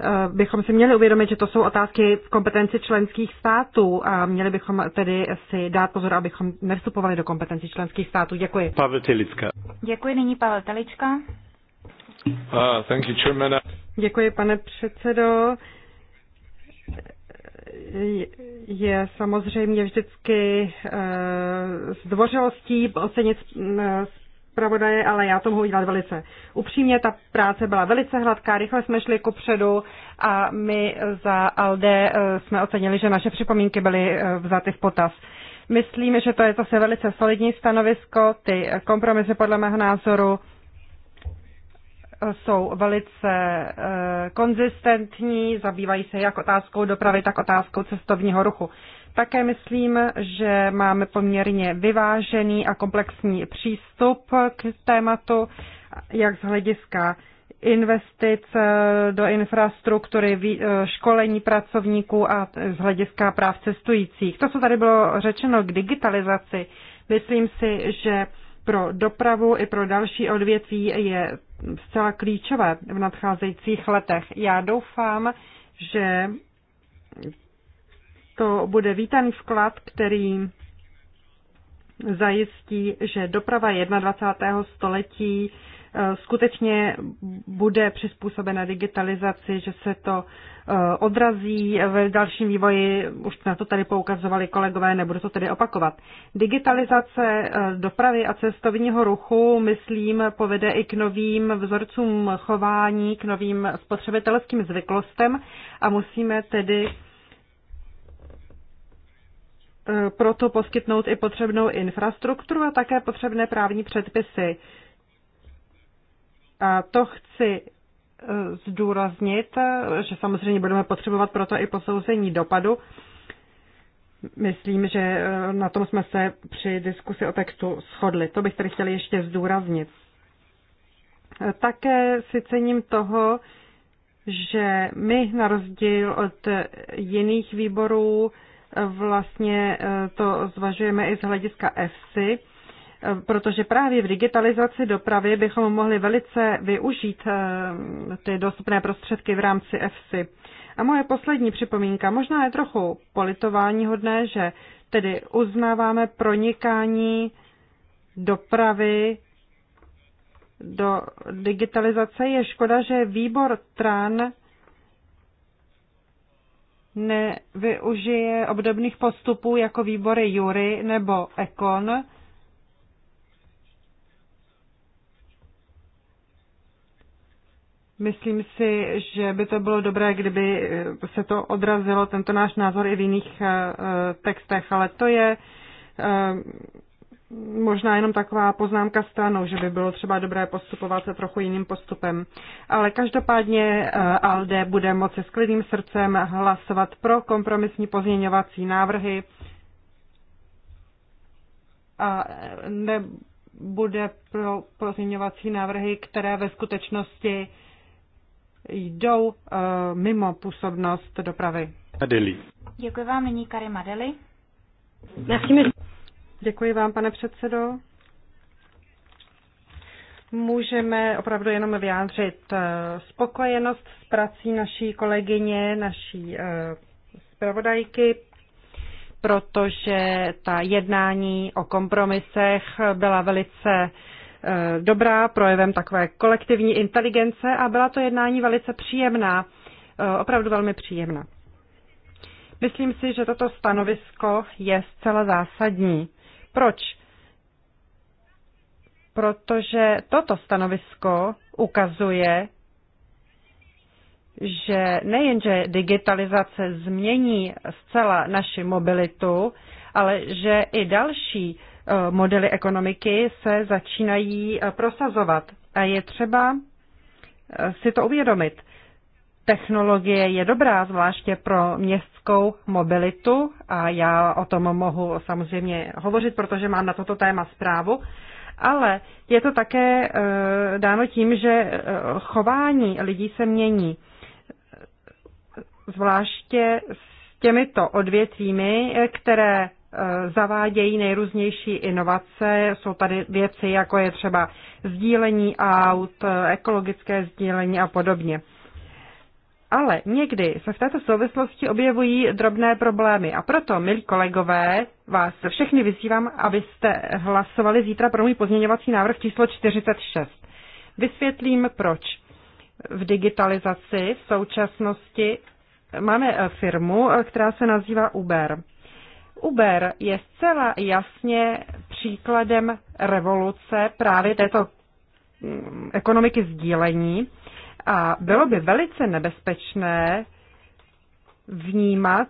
A: eh, bychom si měli uvědomit, že to jsou otázky v kompetenci členských států a měli bychom tedy si dát pozor, abychom nevstupovali do kompetenci členských států. Děkuji. Pavel Telička. Děkuji, nyní Pavel Telička. Uh, thank you, chairman. Děkuji, pane předsedo je samozřejmě vždycky zdvořilostí eh, ocenit mm, zpravodaje, ale já to mohu dělat velice upřímně. Ta práce byla velice hladká, rychle jsme šli předu a my za ALDE eh, jsme ocenili, že naše připomínky byly eh, vzaty v potaz. Myslím, že to je zase velice solidní stanovisko. Ty kompromisy podle mého názoru jsou velice eh, konzistentní, zabývají se jak otázkou dopravy, tak otázkou cestovního ruchu. Také myslím, že máme poměrně vyvážený a komplexní přístup k tématu, jak z hlediska investic eh, do infrastruktury, eh, školení pracovníků a z hlediska práv cestujících. To, co tady bylo řečeno k digitalizaci, myslím si, že pro dopravu i pro další odvětví je zcela klíčové v nadcházejících letech. Já doufám, že to bude vítaný vklad, který zajistí, že doprava 21. století Eh, skutečně bude přizpůsobena digitalizaci, že se to eh, odrazí ve dalším vývoji, už na to tady poukazovali kolegové, nebudu to tedy opakovat. Digitalizace eh, dopravy a cestovního ruchu, myslím, povede i k novým vzorcům chování, k novým spotřebitelským zvyklostem a musíme tedy proto poskytnout i potřebnou infrastrukturu a také potřebné právní předpisy. A to chci eh, zdůraznit, eh, že samozřejmě budeme potřebovat proto i posouzení dopadu. Myslím, že eh, na tom jsme se při diskusi o textu shodli. To bych tady chtěl ještě zdůraznit. Také si cením toho, že my na rozdíl od jiných výborů vlastně to zvažujeme i z hlediska EFSI protože právě v digitalizaci dopravy bychom mohli velice využít eh, ty dostupné prostředky v rámci EFSI. A moje poslední připomínka, možná je trochu politování hodné, že tedy uznáváme pronikání dopravy do digitalizace. Je škoda, že výbor TRAN nevyužije obdobných postupů jako výbory Jury nebo Ekon, Myslím si, že by to bylo dobré, kdyby eh, se to odrazilo, tento náš názor i v jiných eh, eh, textech, ale to je možná jenom taková poznámka stranou, že by bylo třeba dobré postupovat se trochu jiným postupem. Ale každopádně ALDE bude moci s klidným srdcem hlasovat pro kompromisní pozměňovací návrhy a nebude pro pozměňovací návrhy, které ve skutečnosti jdou eh, mimo působnost dopravy. Adeli.
B: Děkuji vám, nyní Karim Adeli.
A: Děkuji vám, pane předsedo. Můžeme opravdu jenom vyjádřit eh, spokojenost s prací naší kolegyně, naší eh, zpravodajky, protože ta jednání o kompromisech byla velice Eh, dobrá, projevem takové kolektivní inteligence a byla to jednání velice příjemná, eh, opravdu velmi příjemná. Myslím si, že toto stanovisko je zcela zásadní. Proč? Protože toto stanovisko ukazuje, že nejenže digitalizace změní zcela naši mobilitu, ale že i další Eh, modely ekonomiky se začínají eh, prosazovat. A je třeba eh, si to uvědomit. Technologie je dobrá, zvláště pro městskou mobilitu a já o tom mohu samozřejmě hovořit, protože mám na toto téma zprávu, ale je to také dáno tím, že chování lidí se mění. Zvláště s těmito odvětvími, které Eh, zavádějí nejrůznější inovace. Jsou tady věci, jako je třeba sdílení aut, eh, ekologické sdílení a podobně. Ale někdy se v této souvislosti objevují drobné problémy a proto, milí kolegové, vás všechny vyzývám, abyste hlasovali zítra pro můj pozměňovací návrh číslo 46. Vysvětlím proč. V digitalizaci v současnosti máme eh, firmu, která se nazývá Uber. Uber je zcela jasně příkladem revoluce právě této mm, ekonomiky sdílení a bylo by velice nebezpečné vnímat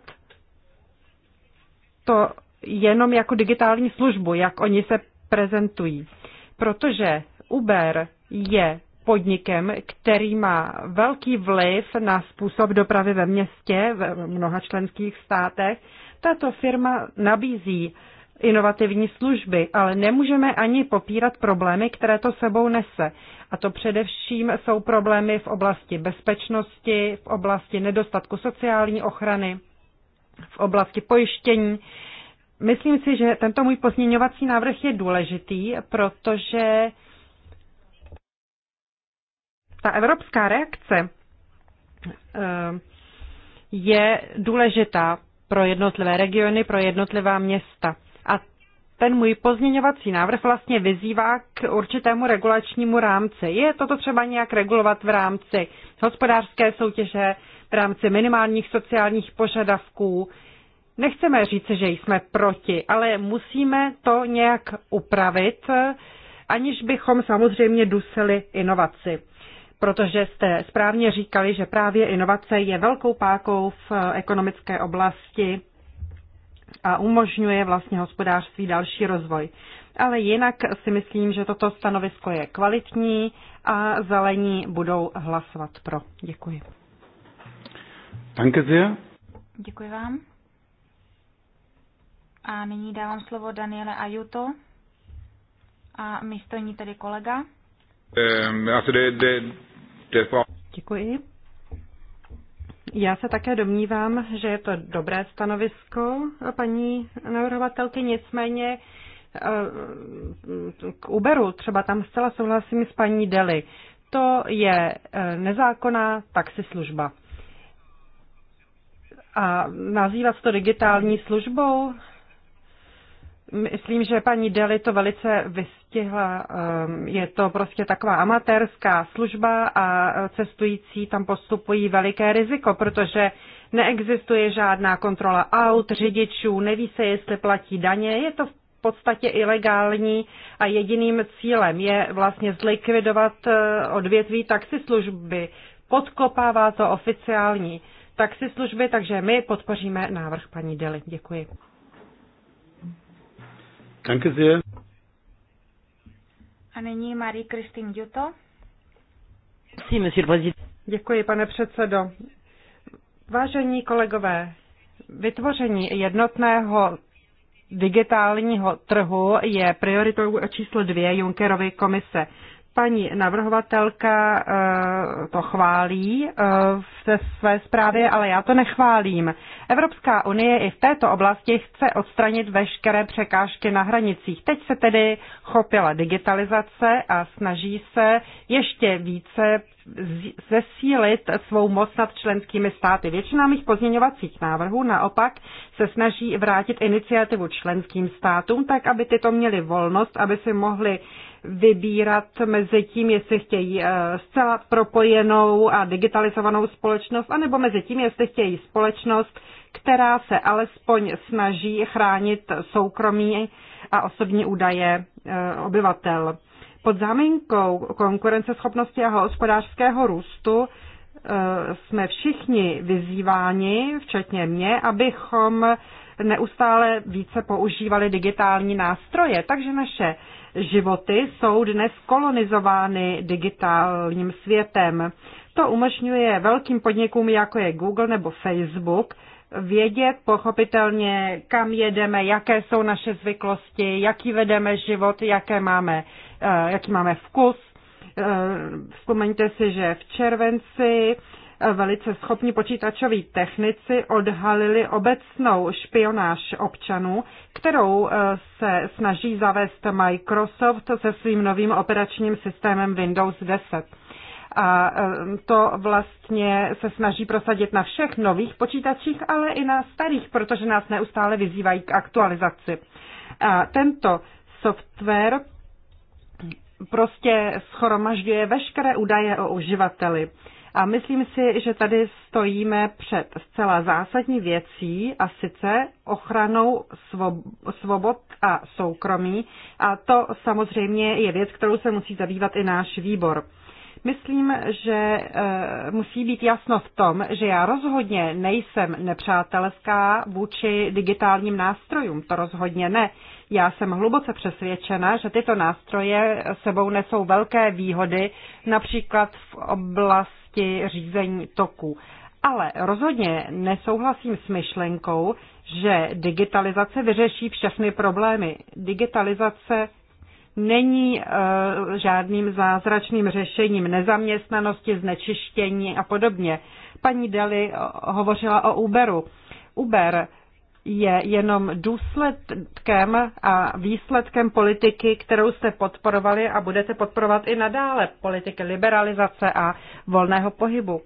A: to jenom jako digitální službu, jak oni se prezentují. Protože Uber je podnikem, který má velký vliv na způsob dopravy ve městě v mnoha členských státech tato firma nabízí inovativní služby, ale nemůžeme ani popírat problémy, které to sebou nese. A to především jsou problémy v oblasti bezpečnosti, v oblasti nedostatku sociální ochrany, v oblasti pojištění. Myslím si, že tento můj pozměňovací návrh je důležitý, protože ta evropská reakce eh, je důležitá pro jednotlivé regiony, pro jednotlivá města. A ten můj pozměňovací návrh vlastně vyzývá k určitému regulačnímu rámci. Je toto třeba nějak regulovat v rámci hospodářské soutěže, v rámci minimálních sociálních požadavků. Nechceme říct, že jsme proti, ale musíme to nějak upravit, aniž bychom samozřejmě dusili inovaci protože jste správně říkali, že právě inovace je velkou pákou v ekonomické oblasti a umožňuje vlastně hospodářství další rozvoj. Ale jinak si myslím, že toto stanovisko je kvalitní a zelení budou hlasovat pro. Děkuji.
B: Děkuji vám. A nyní dávám slovo Daniele Ajuto a místo ní tedy kolega. Um,
A: ehm, alltså Děkuji. Já se také domnívám, že je to dobré stanovisko paní navrhovatelky, nicméně eh, k Uberu třeba tam zcela souhlasím s paní Deli. To je eh, nezákonná taxislužba. A nazývat to digitální službou, myslím, že paní Deli to velice vys stihla. Ehm, je to prostě taková amatérská služba a cestující tam postupují veliké riziko, protože neexistuje žádná kontrola aut, řidičů, neví se, jestli platí daně. Je to v podstatě ilegální a jediným cílem je vlastně zlikvidovat eh, odvětví taxislužby. Podkopává to oficiální taxislužby, takže my podpoříme návrh paní Deli. Děkuji.
B: Danke sehr. A nyní Marie Kristin Duto.
A: Děkuji, pane předsedo. Vážení kolegové, vytvoření jednotného digitálního trhu je prioritou číslo dvě Junckerovy komise. Paní navrhovatelka eh, to chválí eh, v své zprávě, ale já to nechválím. Evropská unie i v této oblasti chce odstranit veškeré překážky na hranicích. Teď se tedy chopila digitalizace a snaží se ještě více zesílit svou moc nad členskými státy. Většina mých pozměňovacích návrhů naopak se snaží vrátit iniciativu členským státům, tak aby tyto měly volnost, aby si mohli vybírat mezi tím, jestli chtějí eh, zcela propojenou a digitalizovanou společnost, anebo mezi tím, jestli chtějí společnost, která se alespoň snaží chránit soukromí a osobní údaje eh, obyvatel. Pod záminkou konkurenceschopnosti a hospodářského růstu e, jsme všichni vyzýváni, včetně mě, abychom neustále více používali digitální nástroje. Takže naše životy jsou dnes kolonizovány digitálním světem. To umožňuje velkým podnikům, jako je Google nebo Facebook, vědět pochopitelně, kam jedeme, jaké jsou naše zvyklosti, jaký vedeme život, jaké máme, eh, jaký máme vkus. Eh, vzpomeňte si, že v červenci eh, velice schopní počítačoví technici odhalili obecnou špionáž občanů, kterou se snaží zavést Microsoft se svým novým operačním systémem Windows 10. A to vlastně se snaží prosadit na všech nových počítačích, ale i na starých, protože nás neustále vyzývají k aktualizaci. A tento software prostě schromažďuje veškeré údaje o uživateli. A myslím si, že tady stojíme před zcela zásadní věcí a sice ochranou svobod a soukromí. A to samozřejmě je věc, kterou se musí zabývat i náš výbor. Myslím, že eh, musí být jasno v tom, že já rozhodně nejsem nepřátelská vůči digitálním nástrojům. To rozhodně ne. Já jsem hluboce přesvědčena, že tyto nástroje sebou nesou velké výhody, například v oblasti řízení toku. Ale rozhodně nesouhlasím s myšlenkou, že digitalizace vyřeší všechny problémy. Digitalizace není eh, žádným zázračným řešením nezaměstnanosti, znečištění a podobně. Paní Deli eh, hovořila o Uberu. Uber je jenom důsledkem a výsledkem politiky, kterou jste podporovali a budete podporovat i nadále, politiky liberalizace a volného pohybu.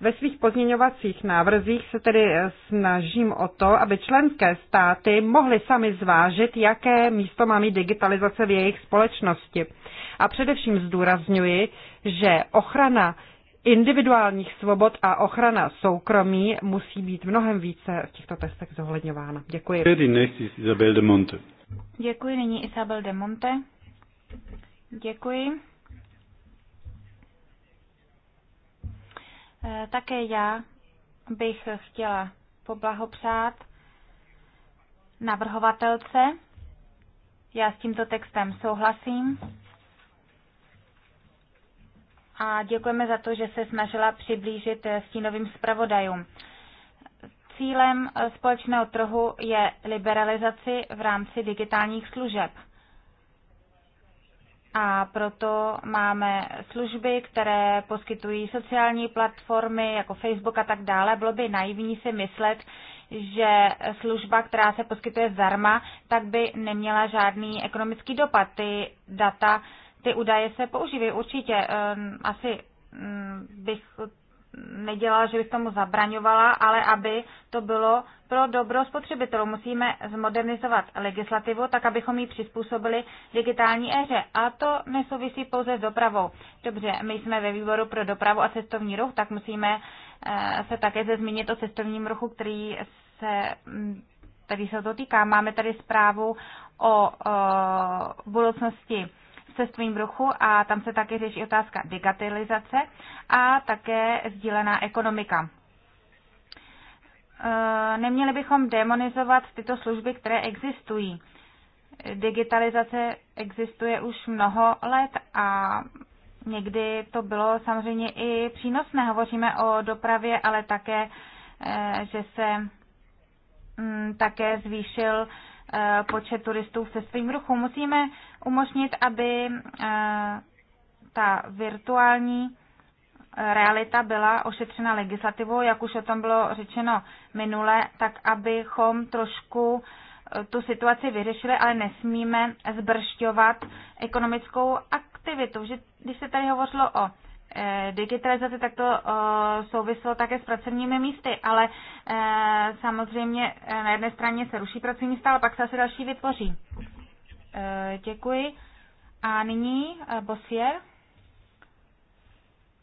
A: Ve svých pozměňovacích návrzích se tedy eh, snažím o to, aby členské státy mohly sami zvážit, jaké místo má mít digitalizace v jejich společnosti. A především zdůrazňuji, že ochrana individuálních svobod a ochrana soukromí musí být mnohem více v těchto testech zohledňována. Děkuji.
B: Děkuji, nyní Isabel de Monte. Děkuji. Eh, také já bych chtěla poblahopřát navrhovatelce. Já s tímto textem souhlasím a děkujeme za to, že se snažila přiblížit eh, stínovým zpravodajům. Cílem eh, společného trhu je liberalizaci v rámci digitálních služeb a proto máme služby, které poskytují sociální platformy jako Facebook a tak dále. Bylo by naivní si myslet, že služba, která se poskytuje zdarma, tak by neměla žádný ekonomický dopad. Ty data, ty údaje se používají určitě. Ehm, asi mm, bych nedělala, že bych tomu zabraňovala, ale aby to bylo pro dobro spotřebitelů. Musíme zmodernizovat legislativu tak, abychom ji přizpůsobili digitální éře. A to nesouvisí pouze s dopravou. Dobře, my jsme ve výboru pro dopravu a cestovní ruch, tak musíme eh, se také zde zmínit o cestovním ruchu, který se, který mm, se to týká. Máme tady zprávu o, o eh, budoucnosti cestovním ruchu a tam se také řeší otázka digitalizace a také sdílená ekonomika. E, neměli bychom demonizovat tyto služby, které existují. Digitalizace existuje už mnoho let a někdy to bylo samozřejmě i přínosné. Hovoříme o dopravě, ale také, e, že se mm, také zvýšil Eh, počet turistů se svým ruchu. Musíme umožnit, aby eh, ta virtuální eh, realita byla ošetřena legislativou, jak už o tom bylo řečeno minule, tak abychom trošku tu situaci vyřešili, ale nesmíme zbršťovat ekonomickou aktivitu. Že, když se tady hovořilo o Eh, digitalizaci, tak to eh, souviselo také s pracovními místy, ale eh, samozřejmě na jedné straně se ruší pracovní místa, ale pak se asi další vytvoří. Děkuji. A nyní Bosier.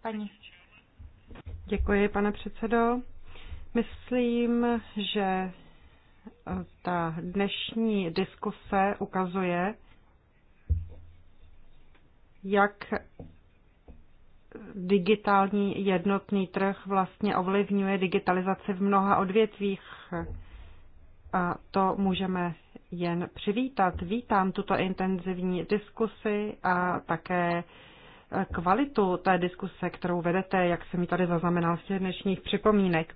B: Paní.
A: Děkuji, pane předsedo. Myslím, že ta dnešní diskuse ukazuje, jak digitální jednotný trh vlastně ovlivňuje digitalizaci v mnoha odvětvích. A to můžeme jen přivítat. Vítám tuto intenzivní diskusi a také kvalitu té diskuse, kterou vedete, jak jsem mi tady zaznamenal z těch dnešních připomínek.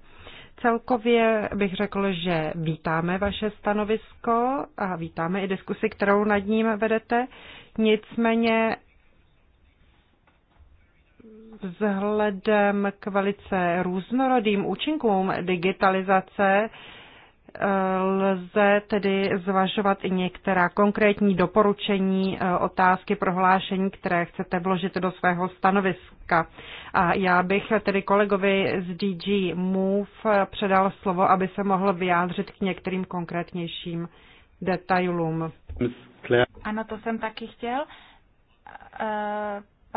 A: Celkově bych řekl, že vítáme vaše stanovisko a vítáme i diskusi, kterou nad ním vedete. Nicméně Vzhledem k velice různorodým účinkům digitalizace eh, lze tedy zvažovat i některá konkrétní doporučení, eh, otázky, prohlášení, které chcete vložit do svého stanoviska. A já bych tedy kolegovi z DG Move eh, předal slovo, aby se mohl vyjádřit k některým konkrétnějším detailům.
B: Ano, to jsem taky chtěl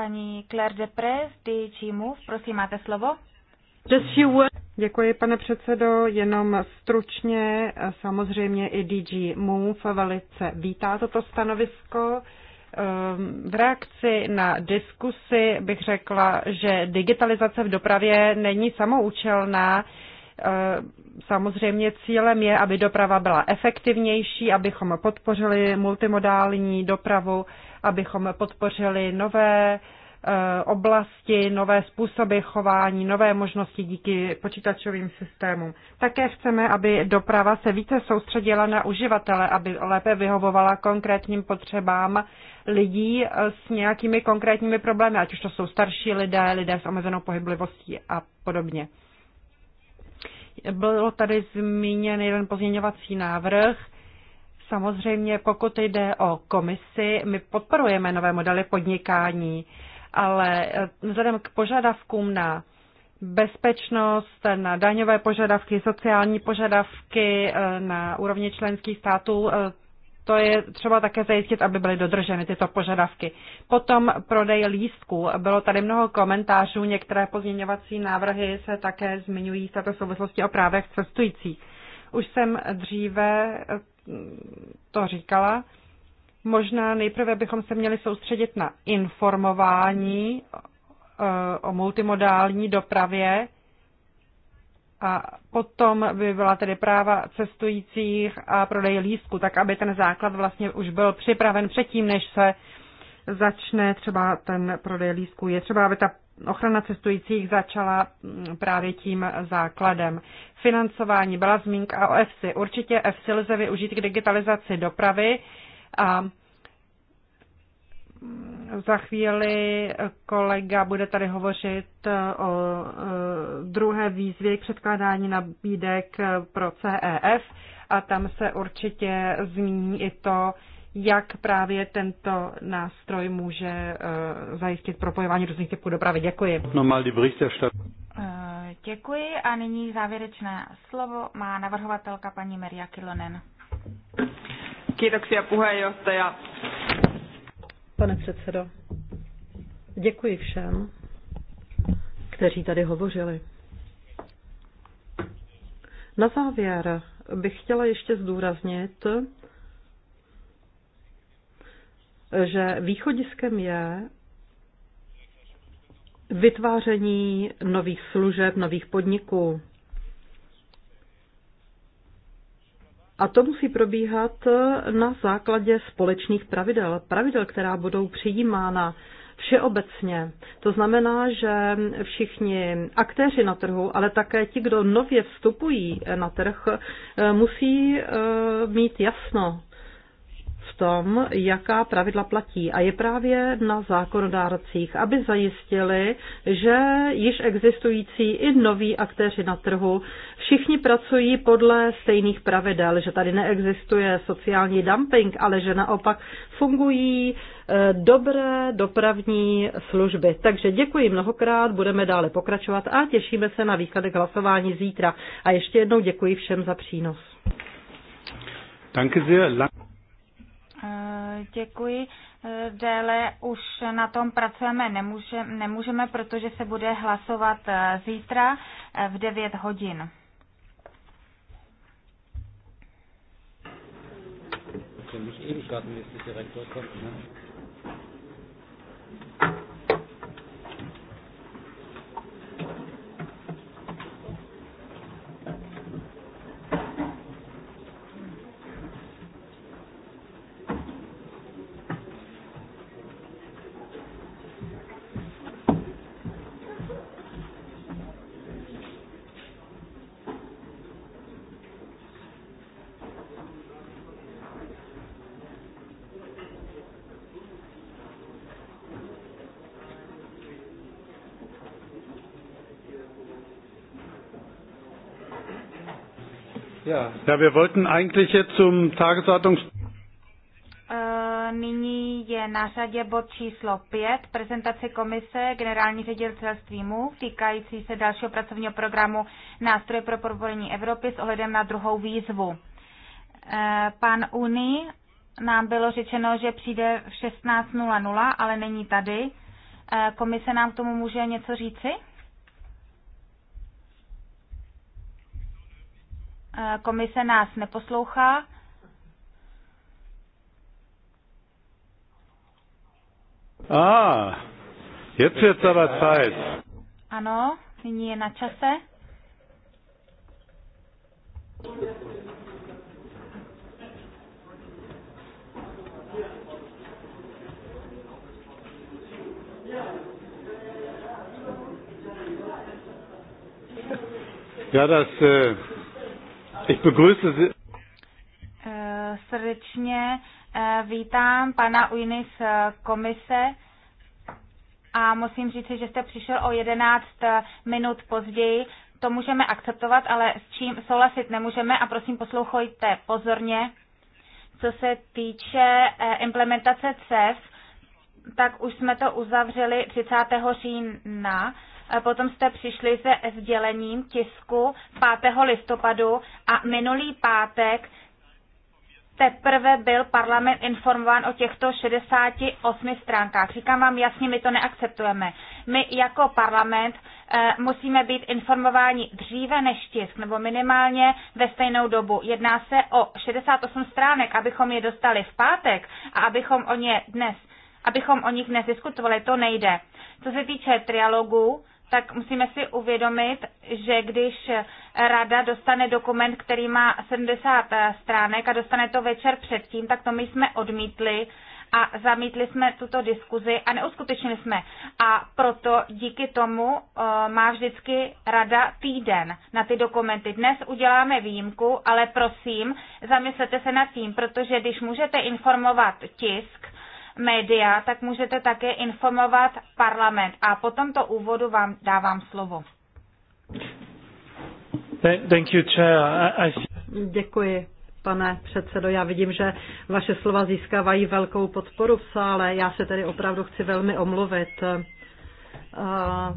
B: paní Claire Depre z DG Move. Prosím, máte slovo.
A: Děkuji, pane předsedo. Jenom stručně, samozřejmě i DG Move velice vítá toto stanovisko. Ehm, v reakci na diskusi bych řekla, že digitalizace v dopravě není samoučelná. Ehm, samozřejmě cílem je, aby doprava byla efektivnější, abychom podpořili multimodální dopravu abychom podpořili nové eh, oblasti, nové způsoby chování, nové možnosti díky počítačovým systémům. Také chceme, aby doprava se více soustředila na uživatele, aby lépe vyhovovala konkrétním potřebám lidí eh, s nějakými konkrétními problémy, ať už to jsou starší lidé, lidé s omezenou pohyblivostí a podobně. Bylo tady zmíněn jeden pozměňovací návrh, Samozřejmě, pokud jde o komisi, my podporujeme nové modely podnikání, ale eh, vzhledem k požadavkům na bezpečnost, na daňové požadavky, sociální požadavky eh, na úrovni členských států, eh, to je třeba také zajistit, aby byly dodrženy tyto požadavky. Potom prodej lístků. Bylo tady mnoho komentářů, některé pozměňovací návrhy se také zmiňují v této souvislosti o právech cestujících. Už jsem dříve eh, to říkala. Možná nejprve bychom se měli soustředit na informování eh, o multimodální dopravě a potom by byla tedy práva cestujících a prodej lístku, tak aby ten základ vlastně už byl připraven předtím, než se začne třeba ten prodej lístku. Je třeba, aby ta ochrana cestujících začala mm, právě tím základem. Financování byla zmínka o EFSI. Určitě EFSI lze využít k digitalizaci dopravy a mm, za chvíli kolega bude tady hovořit e, o e, druhé výzvě k předkládání nabídek pro CEF a tam se určitě zmíní i to, jak právě tento nástroj může eh, zajistit propojování různých typů dopravy. Děkuji.
B: Eh, děkuji a nyní závěrečné slovo má navrhovatelka paní Maria Kilonen.
A: Kiitoksia puheenjohtaja. Pane předsedo, děkuji všem, kteří tady hovořili. Na závěr bych chtěla ještě zdůraznit, že východiskem je vytváření nových služeb, nových podniků. A to musí probíhat na základě společných pravidel, pravidel, která budou přijímána všeobecně. To znamená, že všichni aktéři na trhu, ale také ti, kdo nově vstupují na trh, musí eh, mít jasno tom, jaká pravidla platí. A je právě na zákonodárcích, aby zajistili, že již existující i noví aktéři na trhu všichni pracují podle stejných pravidel, že tady neexistuje sociální dumping, ale že naopak fungují eh, dobré dopravní služby. Takže děkuji mnohokrát, budeme dále pokračovat a těšíme se na výsledek hlasování zítra. A ještě jednou děkuji všem za přínos. Danke sehr.
B: Eh, děkuji. Eh, déle už na tom pracujeme nemůžeme, nemůžeme, protože se bude hlasovat eh, zítra v 9 hodin. Ich kann Nicht ewig warten, bis der Direktor kommt. Ne? Ja, wir wollten eigentlich jetzt zum Tagesordnungs äh, Nyní je na řadě bod číslo 5, prezentace komise generální ředitelství MU, týkající se dalšího pracovního programu Nástroje pro propojení Evropy s ohledem na druhou výzvu. Äh, pan Uni nám bylo řečeno, že přijde v 16.00, ale není tady. Äh, komise nám k tomu může něco říci? Eh, komise nás neposlouchá. A, je je teda Ano, nyní je na čase. Ja, das äh, Ich begrüße Sie. Eh, srdečně eh, vítám pana Ujny z eh, komise a musím říct, že jste přišel o 11 minut později. To můžeme akceptovat, ale s čím souhlasit nemůžeme a prosím poslouchejte pozorně. Co se týče implementace CEF, tak už jsme to uzavřeli 30. října potom jste přišli se sdělením tisku 5. listopadu a minulý pátek teprve byl parlament informován o těchto 68 stránkách. Říkám vám jasně, my to neakceptujeme. My jako parlament eh, musíme být informováni dříve než tisk, nebo minimálně ve stejnou dobu. Jedná se o 68 stránek, abychom je dostali v pátek a abychom o ně dnes abychom o nich nediskutovali, to nejde. Co se týče trialogů, tak musíme si uvědomit, že když rada dostane dokument, který má 70 eh, stránek a dostane to večer předtím, tak to my jsme odmítli a zamítli jsme tuto diskuzi a neuskutečnili jsme. A proto díky tomu eh, má vždycky rada týden na ty dokumenty. Dnes uděláme výjimku, ale prosím, zamyslete se nad tím, protože když můžete informovat tisk, média, tak můžete také informovat parlament. A po tomto úvodu vám dávám slovo.
A: Thank you, chair. I... Děkuji, pane předsedo. Já vidím, že vaše slova získávají velkou podporu v sále. Já se tedy opravdu chci velmi omluvit. A,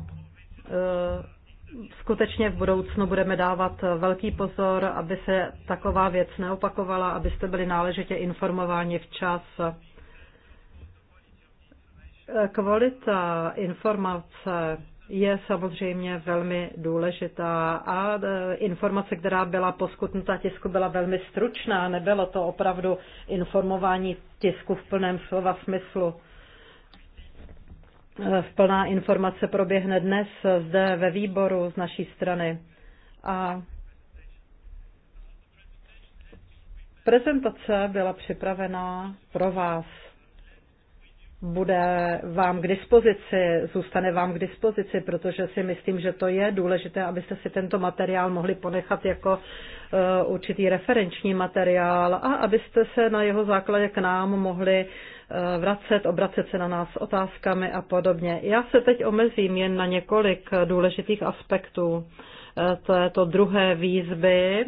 A: skutečně v budoucnu budeme dávat velký pozor, aby se taková věc neopakovala, abyste byli náležitě informováni včas. Kvalita informace je samozřejmě velmi důležitá a e, informace, která byla poskutnuta tisku, byla velmi stručná, nebylo to opravdu informování tisku v plném slova smyslu. E, plná informace proběhne dnes zde ve výboru z naší strany. A prezentace byla připravená pro vás bude vám k dispozici, zůstane vám k dispozici, protože si myslím, že to je důležité, abyste si tento materiál mohli ponechat jako e, určitý referenční materiál a abyste se na jeho základě k nám mohli e, vracet, obracet se na nás s otázkami a podobně. Já se teď omezím jen na několik důležitých aspektů e, to druhé výzvy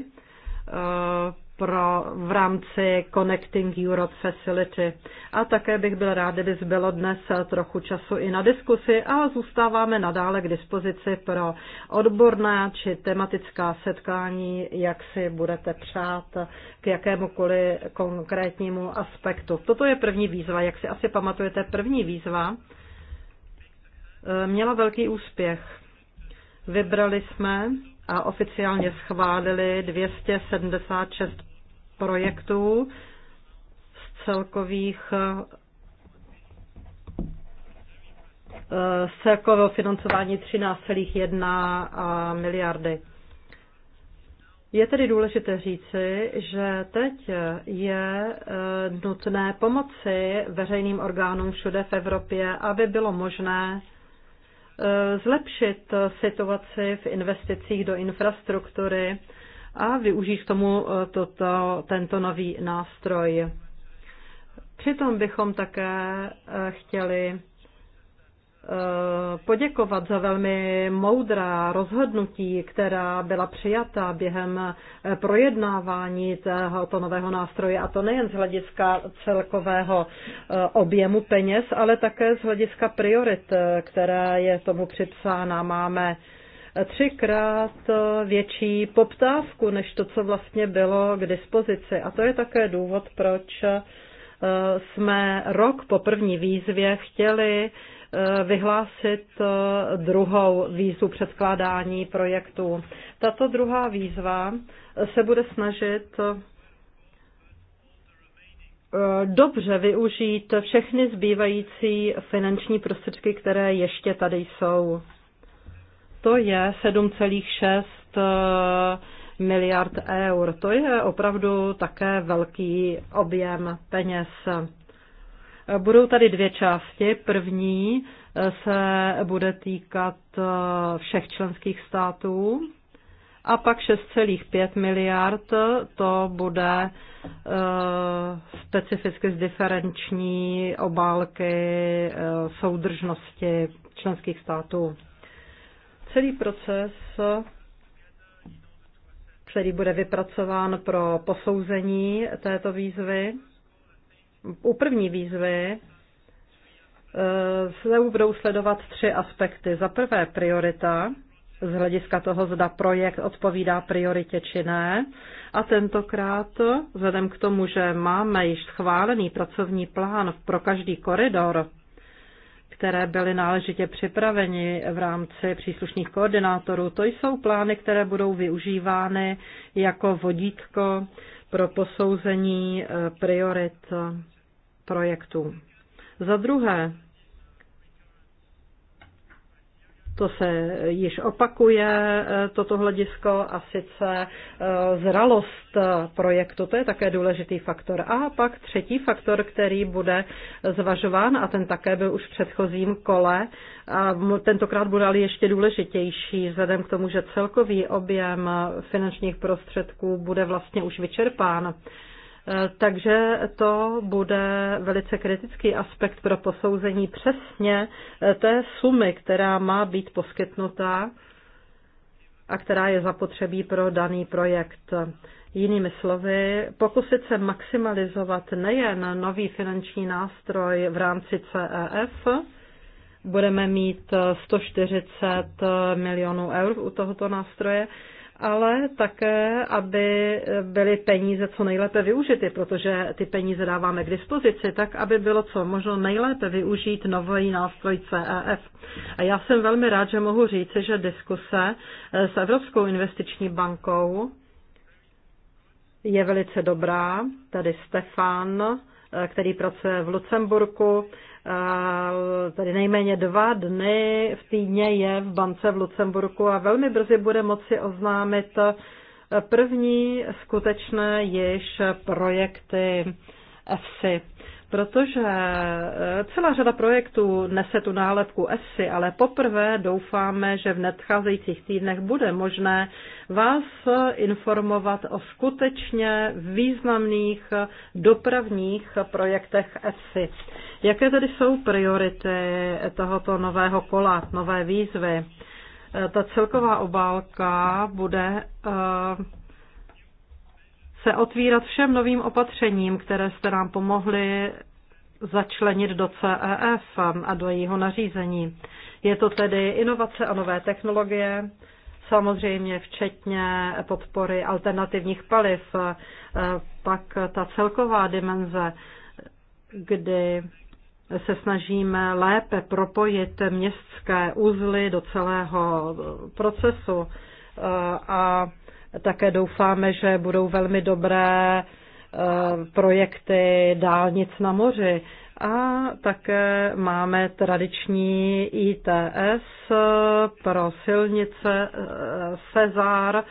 A: pro, v rámci Connecting Europe Facility. A také bych byl rád, kdyby zbylo dnes trochu času i na diskusi a zůstáváme nadále k dispozici pro odborná či tematická setkání, jak si budete přát k jakémukoli konkrétnímu aspektu. Toto je první výzva. Jak si asi pamatujete, první výzva eh, měla velký úspěch. Vybrali jsme a oficiálně schválili 276 projektů z celkových eh, z celkového financování 13,1 miliardy. Je tedy důležité říci, že teď je eh, nutné pomoci veřejným orgánům všude v Evropě, aby bylo možné Eh, zlepšit situaci v investicích do infrastruktury a využít k tomu eh, toto, tento nový nástroj. Přitom bychom také eh, chtěli Eh, poděkovat za velmi moudrá rozhodnutí, která byla přijata během eh, projednávání tohoto nového nástroje, a to nejen z hlediska celkového eh, objemu peněz, ale také z hlediska priorit, která je tomu připsána. Máme třikrát větší poptávku než to, co vlastně bylo k dispozici. A to je také důvod, proč jsme rok po první výzvě chtěli Eh, vyhlásit eh, druhou výzvu předkládání projektu. Tato druhá výzva eh, se bude snažit dobře využít všechny zbývající finanční prostředky, které ještě tady jsou. To je 7,6 miliard eur. To je opravdu také velký objem peněz. Budou tady dvě části. První eh, se bude týkat eh, všech členských států a pak 6,5 miliard eh, to bude specificky z diferenční obálky soudržnosti členských států. Celý proces který bude vypracován pro posouzení této výzvy u první výzvy eh, se budou sledovat tři aspekty. Za prvé priorita, z hlediska toho, zda projekt odpovídá prioritě či ne. A tentokrát, vzhledem k tomu, že máme již schválený pracovní plán pro každý koridor, které byly náležitě připraveni v rámci příslušných koordinátorů, to jsou plány, které budou využívány jako vodítko pro posouzení eh, priorit projektů. Za druhé, to se již opakuje, eh, toto hledisko, a sice eh, zralost eh, projektu, to je také důležitý faktor. A pak třetí faktor, který bude zvažován, a ten také byl už v předchozím kole, a tentokrát bude ale ještě důležitější, vzhledem k tomu, že celkový objem finančních prostředků bude vlastně už vyčerpán. Takže to bude velice kritický aspekt pro posouzení přesně eh, té sumy, která má být poskytnuta a která je zapotřebí pro daný projekt. Jinými slovy, pokusit se maximalizovat nejen nový finanční nástroj v rámci CEF, budeme mít 140 milionů eur u tohoto nástroje, ale také, aby byly peníze co nejlépe využity, protože ty peníze dáváme k dispozici, tak aby bylo co možno nejlépe využít nový nástroj CEF. A já jsem velmi rád, že mohu říci, že diskuse eh, s Evropskou investiční bankou je velice dobrá. Tady Stefan který pracuje v Lucemburku. Tady nejméně dva dny v týdně je v bance v Lucemburku a velmi brzy bude moci oznámit první skutečné již projekty EFSI protože eh, celá řada projektů nese tu nálepku ESSI, ale poprvé doufáme, že v nadcházejících týdnech bude možné vás informovat o skutečně významných dopravních projektech ESSI. Jaké tedy jsou priority tohoto nového kola, nové výzvy? Eh, ta celková obálka bude eh, se otvírat všem novým opatřením, které jste nám pomohli začlenit do CEF a do jejího nařízení. Je to tedy inovace a nové technologie, samozřejmě včetně podpory alternativních paliv, eh, pak ta celková dimenze, kdy se snažíme lépe propojit městské úzly do celého procesu eh, a také doufáme, že budou velmi dobré eh, projekty dálnic na moři. A také máme tradiční ITS eh, pro silnice eh, Cezar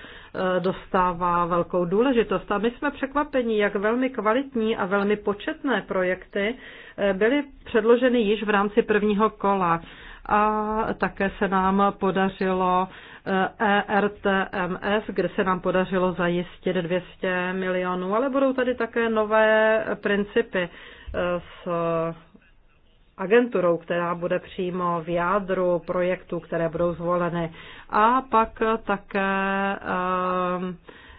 A: dostává velkou důležitost. A my jsme překvapeni, jak velmi kvalitní a velmi početné projekty byly předloženy již v rámci prvního kola. A také se nám podařilo ERTMS, kde se nám podařilo zajistit 200 milionů, ale budou tady také nové principy e, s agenturou, která bude přímo v jádru projektů, které budou zvoleny. A pak také e,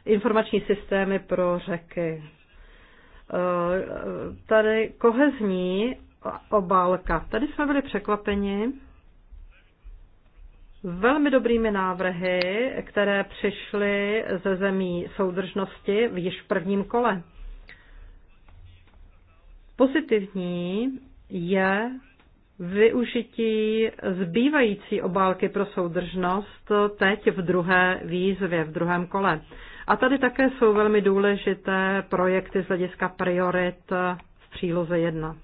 A: informační systémy pro řeky. E, tady kohezní obálka. Tady jsme byli překvapeni, velmi dobrými návrhy, které přišly ze zemí soudržnosti v již v prvním kole. Pozitivní je využití zbývající obálky pro soudržnost teď v druhé výzvě, v druhém kole. A tady také jsou velmi důležité projekty z hlediska priorit v příloze 1.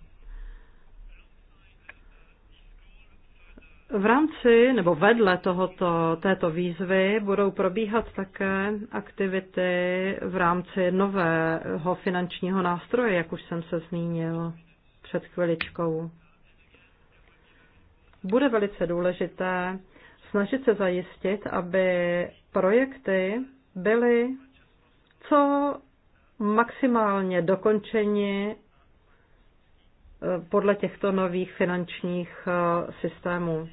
A: V rámci nebo vedle tohoto, této výzvy budou probíhat také aktivity v rámci nového finančního nástroje, jak už jsem se zmínil před chviličkou. Bude velice důležité snažit se zajistit, aby projekty byly co maximálně dokončeni eh, podle těchto nových finančních eh, systémů.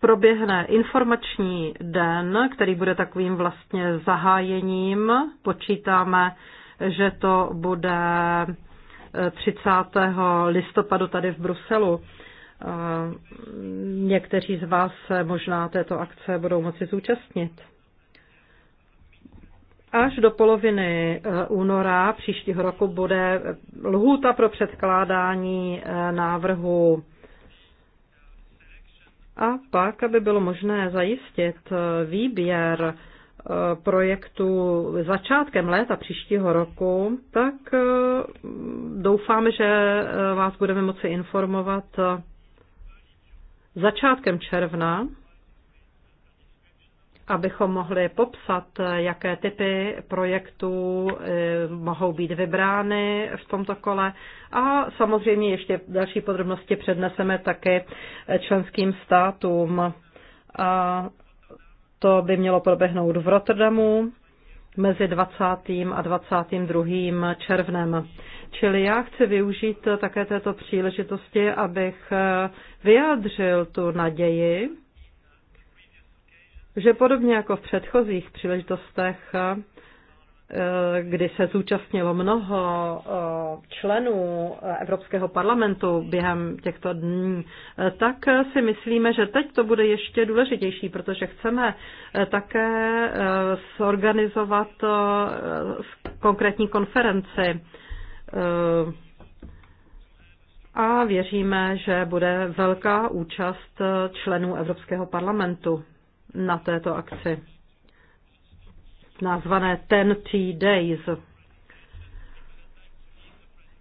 A: proběhne informační den, který bude takovým vlastně zahájením. Počítáme, že to bude 30. Eh, listopadu tady v Bruselu. Eh, někteří z vás se možná této akce budou moci zúčastnit. Až do poloviny eh, února příštího roku bude lhůta pro předkládání návrhu a pak, aby bylo možné zajistit eh, výběr eh, projektu začátkem léta příštího roku, tak eh, doufáme, že vás budeme moci informovat začátkem června abychom mohli popsat, jaké typy projektů eh, mohou být vybrány v tomto kole. A samozřejmě ještě další podrobnosti předneseme také členským státům. A to by mělo proběhnout v Rotterdamu mezi 20. a 22. červnem. Čili já chci využít také této příležitosti, abych eh, vyjádřil tu naději, že podobně jako v předchozích příležitostech, eh, kdy se zúčastnilo mnoho eh, členů eh, Evropského parlamentu během těchto dní, tak si myslíme, že teď to bude ještě důležitější, protože chceme také zorganizovat konkrétní konferenci a věříme, že bude velká účast členů Evropského parlamentu na této akci, nazvané Ten T Days.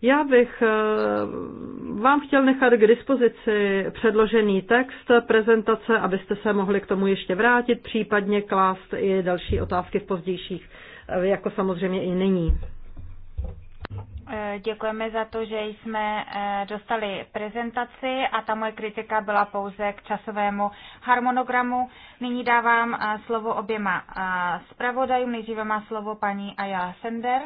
A: Já bych eh, vám chtěl nechat k dispozici předložený text prezentace, abyste se mohli k tomu ještě vrátit, případně klást i další otázky v pozdějších, eh, jako samozřejmě i nyní.
B: Eh, děkujeme za to, že jsme eh, dostali prezentaci a ta moje kritika byla pouze k časovému harmonogramu. Nyní dávám eh, slovo oběma zpravodajům. Nejdříve má slovo paní Aja Sender.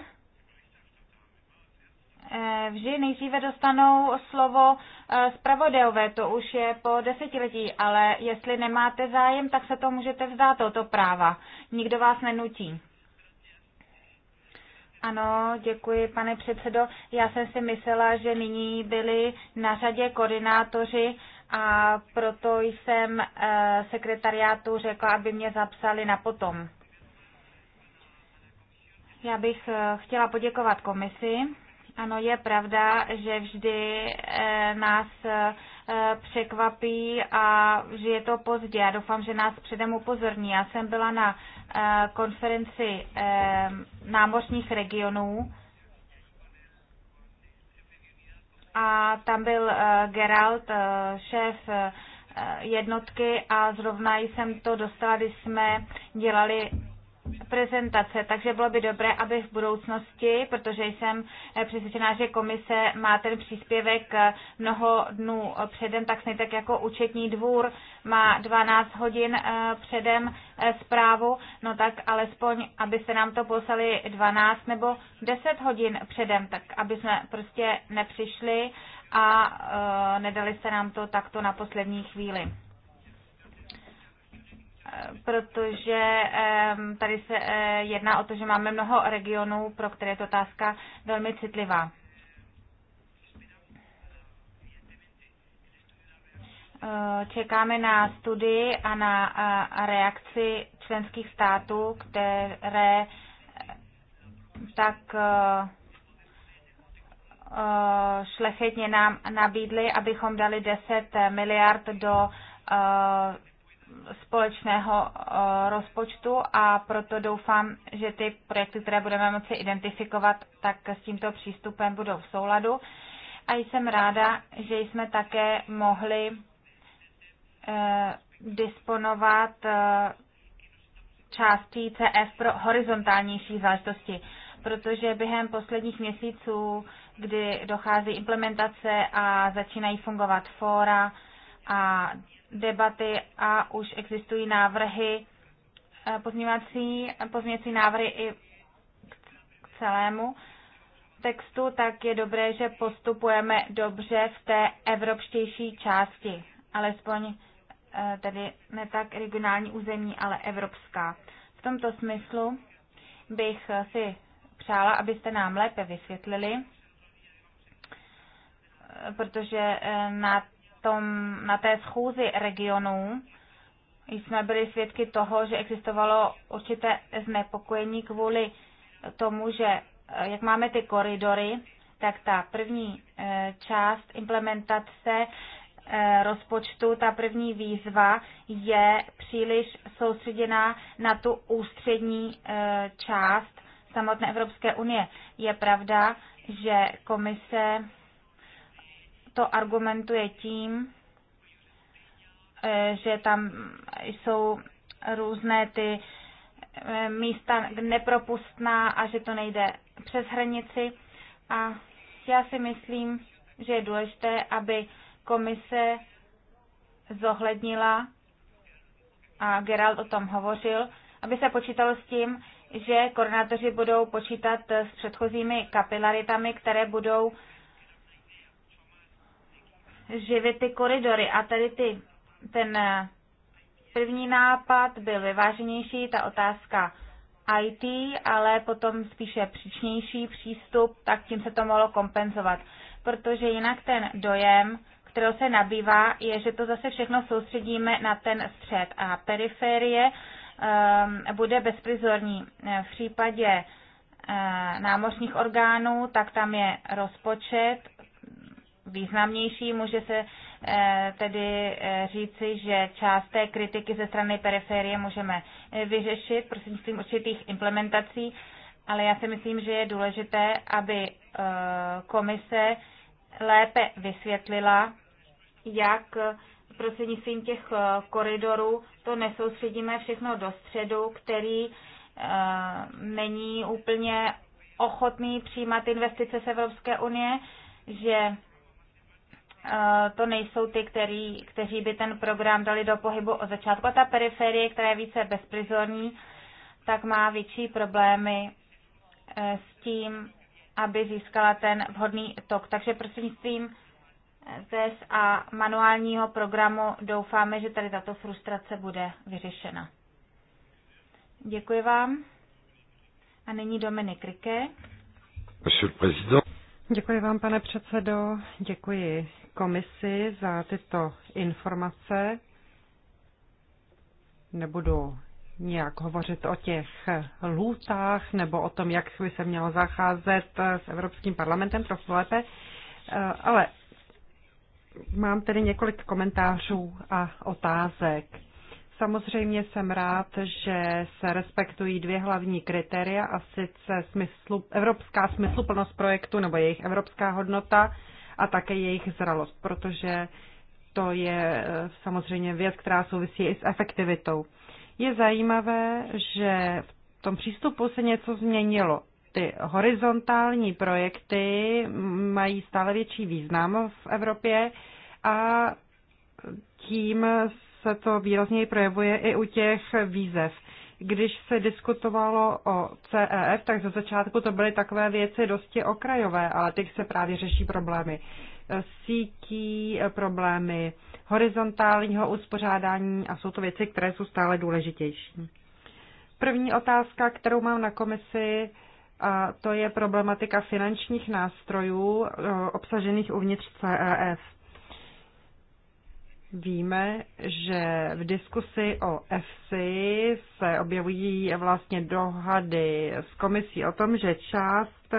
B: Vždy nejdříve dostanou slovo zpravodajové, to už je po desetiletí, ale jestli nemáte zájem, tak se to můžete vzdát toto práva. Nikdo vás nenutí. Ano, děkuji, pane předsedo. Já jsem si myslela, že nyní byli na řadě koordinátoři a proto jsem eh, sekretariátu řekla, aby mě zapsali na potom. Já bych eh, chtěla poděkovat komisi. Ano, je pravda, že vždy eh, nás Eh, překvapí a že je to pozdě. Já doufám, že nás předem upozorní. Já jsem byla na eh, konferenci eh, námořních regionů a tam byl Gerald, šéf jednotky a zrovna jsem to dostala, když jsme dělali prezentace, takže bylo by dobré, aby v budoucnosti, protože jsem eh, přesvědčená, že komise má ten příspěvek eh, mnoho dnů eh, předem, tak stejně tak jako účetní dvůr má 12 hodin předem zprávu, no tak alespoň, aby se nám to poslali 12 nebo 10 hodin předem, tak aby jsme prostě nepřišli a nedali se nám to takto na poslední chvíli protože tady se eh, jedná o to, že máme mnoho regionů, pro které je to otázka velmi citlivá. Eh, čekáme na studii a na reakci členských států, které tak eh, šlechetně nám nabídly, abychom dali 10 miliard do společného eh, rozpočtu a proto doufám, že ty projekty, které budeme moci identifikovat, tak s tímto přístupem budou v souladu. A jsem ráda, že jsme také mohli eh, disponovat eh, částí CF pro horizontálnější záležitosti, protože během posledních měsíců, kdy dochází implementace a začínají fungovat fóra, a debaty a už existují návrhy, eh, pozměňovací, pozměňovací návrhy i k celému textu, tak je dobré, že postupujeme dobře v té evropštější části, alespoň eh, tedy ne tak regionální území, ale evropská. V tomto smyslu bych si přála, abyste nám lépe vysvětlili, eh, protože na tom, na té schůzi regionů jsme byli svědky toho, že existovalo určité znepokojení kvůli tomu, že eh, jak máme ty koridory, tak ta první eh, část implementace eh, rozpočtu, ta první výzva je příliš soustředěná na tu ústřední část samotné Evropské unie. Je pravda, že komise to argumentuje tím, eh, že tam jsou různé ty eh, místa nepropustná a že to nejde přes hranici. A já si myslím, že je důležité, aby komise zohlednila, a Gerald o tom hovořil, aby se počítalo s tím, že koordinátoři budou počítat s předchozími kapilaritami, které budou živit ty koridory. A tady ty, ten eh, první nápad byl vyváženější, ta otázka IT, ale potom spíše příčnější přístup, tak tím se to mohlo kompenzovat. Protože jinak ten dojem, kterého se nabývá, je, že to zase všechno soustředíme na ten střed a periferie um, eh, bude bezprizorní. V případě eh, námořních orgánů, tak tam je rozpočet významnější. Může se eh, tedy eh, říci, že část té kritiky ze strany periferie můžeme eh, vyřešit prostřednictvím určitých implementací, ale já si myslím, že je důležité, aby komise lépe vysvětlila, jak prostřednictvím těch koridorů to nesoustředíme všechno do středu, který není úplně ochotný přijímat investice z Evropské unie, že to nejsou ty, který, kteří by ten program dali do pohybu od začátku. A ta periferie, která je více bezprizorní, tak má větší problémy e, s tím, aby získala ten vhodný tok. Takže prostřednictvím test a manuálního programu doufáme, že tady tato frustrace bude vyřešena. Děkuji vám. A nyní Dominik Rike. Děkuji vám, pane
A: předsedo. Děkuji komisi za tyto informace. Nebudu nějak hovořit o těch lůtách nebo o tom, jak by se mělo zacházet s Evropským parlamentem trochu lépe, eh, ale mám tedy několik komentářů a otázek. Samozřejmě jsem rád, že se respektují dvě hlavní kritéria, a sice smyslu, evropská smysluplnost projektu nebo jejich evropská hodnota a také jejich zralost, protože to je eh, samozřejmě věc, která souvisí i s efektivitou. Je zajímavé, že v tom přístupu se něco změnilo. Ty horizontální projekty mají stále větší význam v Evropě a tím se to výrazněji projevuje i u těch výzev když se diskutovalo o CEF, tak ze začátku to byly takové věci dosti okrajové, ale teď se právě řeší problémy sítí, problémy horizontálního uspořádání a jsou to věci, které jsou stále důležitější. První otázka, kterou mám na komisi, a to je problematika finančních nástrojů e, obsažených uvnitř CEF. Víme, že v diskusi o EFSI se objevují vlastně dohady s komisí o tom, že část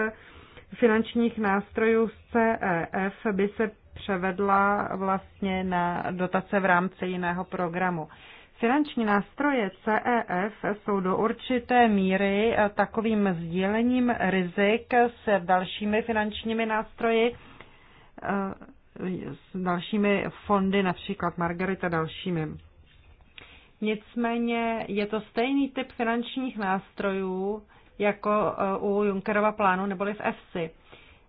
A: finančních nástrojů z CEF by se převedla vlastně na dotace v rámci jiného programu. Finanční nástroje CEF jsou do určité míry takovým sdílením rizik se dalšími finančními nástroji, s dalšími fondy, například Margarita dalšími. Nicméně je to stejný typ finančních nástrojů jako eh, u Junckerova plánu neboli v EFSI.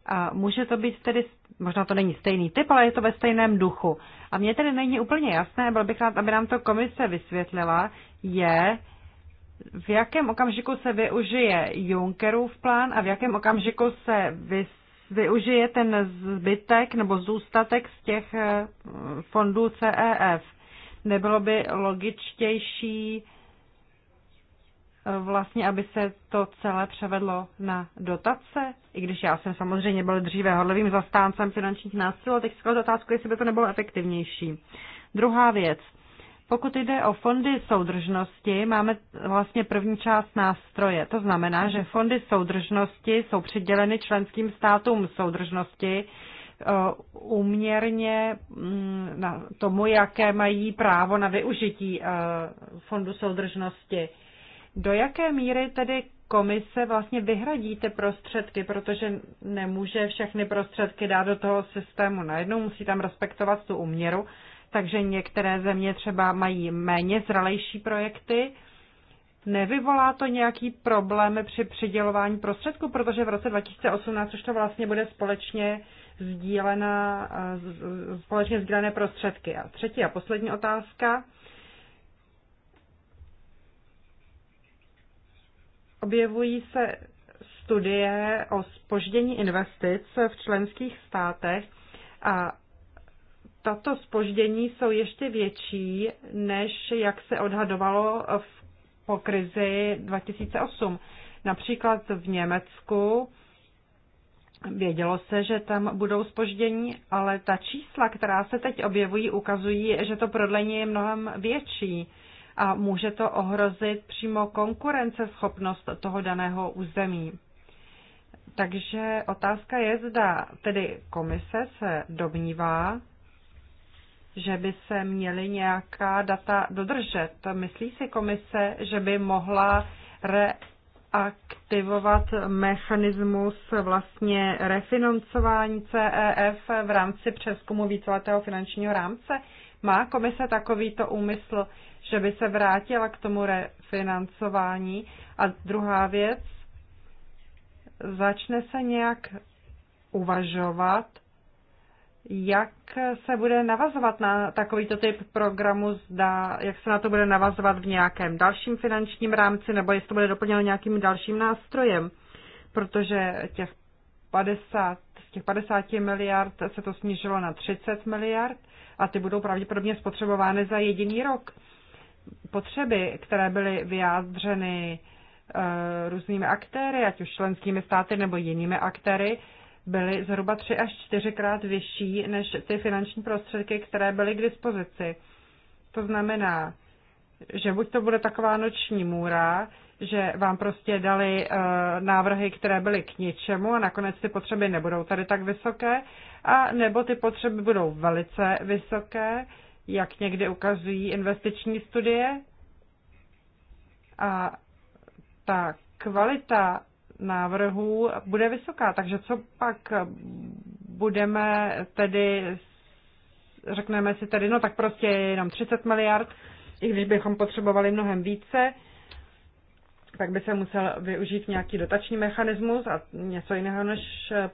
A: A může to být tedy, možná to není stejný typ, ale je to ve stejném duchu. A mně tedy není úplně jasné, byl bych rád, aby nám to komise vysvětlila, je, v jakém okamžiku se využije Junckerův plán a v jakém okamžiku se vys využije ten zbytek nebo zůstatek z těch eh, fondů CEF. Nebylo by logičtější eh, vlastně, aby se to celé převedlo na dotace? I když já jsem samozřejmě byl dříve hodlivým zastáncem finančních nástrojů, teď si otázku, jestli by to nebylo efektivnější. Druhá věc pokud jde o fondy soudržnosti, máme vlastně první část nástroje. To znamená, že fondy soudržnosti jsou přiděleny členským státům soudržnosti uměrně eh, mm, na tomu, jaké mají právo na využití eh, fondu soudržnosti. Do jaké míry tedy komise vlastně vyhradí ty prostředky, protože nemůže všechny prostředky dát do toho systému najednou, musí tam respektovat tu uměru takže některé země třeba mají méně zralejší projekty. Nevyvolá to nějaký problém při přidělování prostředků, protože v roce 2018 už to vlastně bude společně sdílená, eh, společně sdílené prostředky. A třetí a poslední otázka. Objevují se studie o spoždění investic v členských státech a tato spoždění jsou ještě větší, než jak se odhadovalo v, po krizi 2008. Například v Německu Vědělo se, že tam budou spoždění, ale ta čísla, která se teď objevují, ukazují, že to prodlení je mnohem větší a může to ohrozit přímo konkurenceschopnost toho daného území. Takže otázka je, zda tedy komise se domnívá, že by se měly nějaká data dodržet. Myslí si komise, že by mohla reaktivovat mechanismus vlastně refinancování CEF v rámci přeskumu víceletého finančního rámce? Má komise takovýto úmysl, že by se vrátila k tomu refinancování? A druhá věc, začne se nějak uvažovat jak se bude navazovat na takovýto typ programu, zda, jak se na to bude navazovat v nějakém dalším finančním rámci, nebo jestli to bude doplněno nějakým dalším nástrojem, protože těch 50, z těch 50 miliard se to snížilo na 30 miliard a ty budou pravděpodobně spotřebovány za jediný rok. Potřeby, které byly vyjádřeny eh, různými aktéry, ať už členskými státy nebo jinými aktéry, byly zhruba tři až čtyřikrát vyšší než ty finanční prostředky, které byly k dispozici. To znamená, že buď to bude taková noční můra, že vám prostě dali uh, návrhy, které byly k ničemu a nakonec ty potřeby nebudou tady tak vysoké, a nebo ty potřeby budou velice vysoké, jak někdy ukazují investiční studie. A ta kvalita návrhů bude vysoká. Takže co pak budeme tedy, řekneme si tedy, no tak prostě jenom 30 miliard, i když bychom potřebovali mnohem více, tak by se musel využít nějaký dotační mechanismus a něco jiného než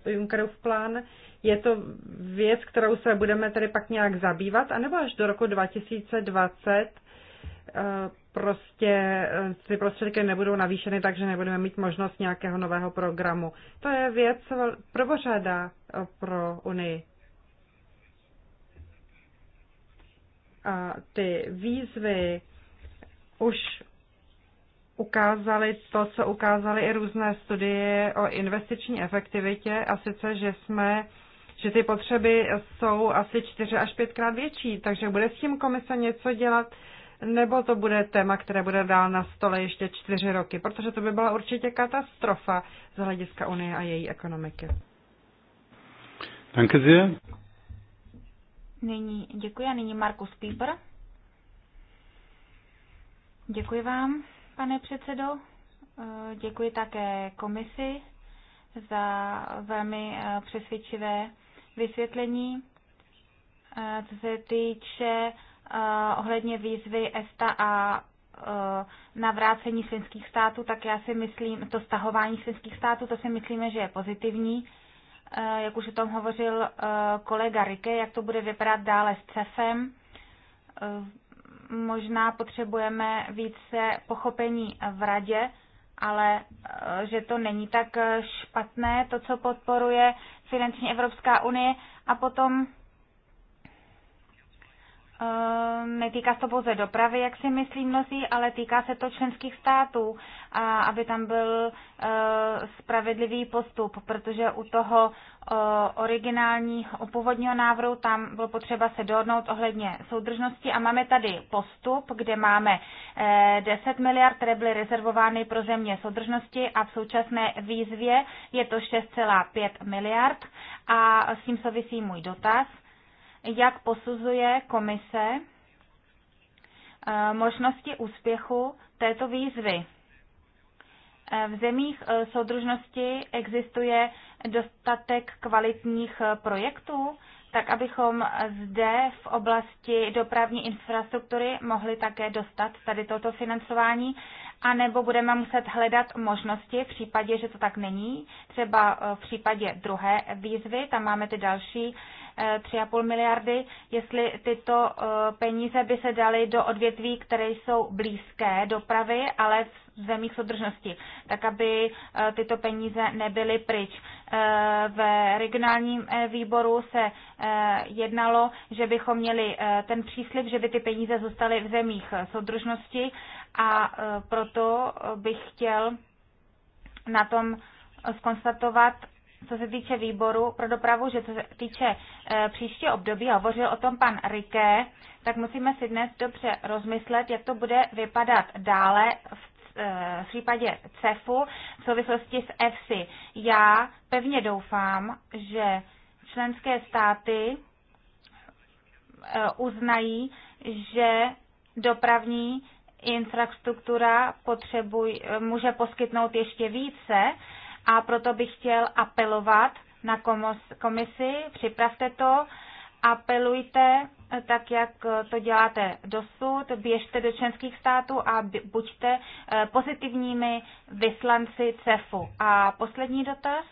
A: Junckerův plán. Je to věc, kterou se budeme tedy pak nějak zabývat, anebo až do roku 2020 Eh, prostě eh, ty prostředky nebudou navýšeny, takže nebudeme mít možnost nějakého nového programu. To je věc prvořada eh, pro Unii. A ty výzvy už ukázaly to, co ukázaly i různé studie o investiční efektivitě, a sice, že jsme že ty potřeby jsou asi čtyři až pětkrát větší, takže bude s tím komise něco dělat nebo to bude téma, které bude dál na stole ještě čtyři roky, protože to by byla určitě katastrofa z hlediska Unie a její ekonomiky. Danke sehr.
B: Nyní děkuji a nyní Markus Pieper. Děkuji vám, pane předsedo. Eh, děkuji také komisi za velmi eh, přesvědčivé vysvětlení. Eh, co se týče Eh, ohledně výzvy ESTA a eh, navrácení svinských států, tak já si myslím, to stahování svinských států, to si myslíme, že je pozitivní. Eh, jak už o tom hovořil kolega Rike, jak to bude vypadat dále s CEFem. Možná potřebujeme více pochopení v radě, ale že to není tak špatné, to, co podporuje finančně Evropská unie. A potom Ehm, netýká se to pouze dopravy, jak si myslí mnozí, ale týká se to členských států, a aby tam byl eh, spravedlivý postup, protože u toho eh, originálního původního návrhu tam bylo potřeba se dohodnout ohledně soudržnosti a máme tady postup, kde máme 10 eh, miliard, které byly rezervovány pro země soudržnosti a v současné výzvě je to 6,5 miliard a s tím souvisí můj dotaz jak posuzuje komise eh, možnosti úspěchu této výzvy. Eh, v zemích eh, soudržnosti existuje dostatek kvalitních projektů, tak abychom zde v oblasti dopravní infrastruktury mohli také dostat tady toto financování, anebo budeme muset hledat možnosti v případě, že to tak není, třeba v případě druhé výzvy, tam máme ty další 3,5 miliardy, jestli tyto eh, peníze by se daly do odvětví, které jsou blízké dopravy, ale v zemích soudržnosti, tak aby eh, tyto peníze nebyly pryč. Eh, v regionálním výboru se jednalo, že bychom měli ten příslip, že by ty peníze zůstaly v zemích soudržnosti a proto bych chtěl na tom skonstatovat, co se týče výboru pro dopravu, že co se týče e, eh, příští období, hovořil o tom pan Riké, tak musíme si dnes dobře rozmyslet, jak to bude vypadat dále v, e, v případě CEFu v souvislosti s EFSI. Já pevně doufám, že členské státy e, uznají, že dopravní infrastruktura potřebuj, může poskytnout ještě více a proto bych chtěl apelovat na komisi, připravte to, apelujte eh, tak, jak eh, to děláte dosud, běžte do členských států a buďte eh, pozitivními vyslanci CEFu. A poslední dotaz.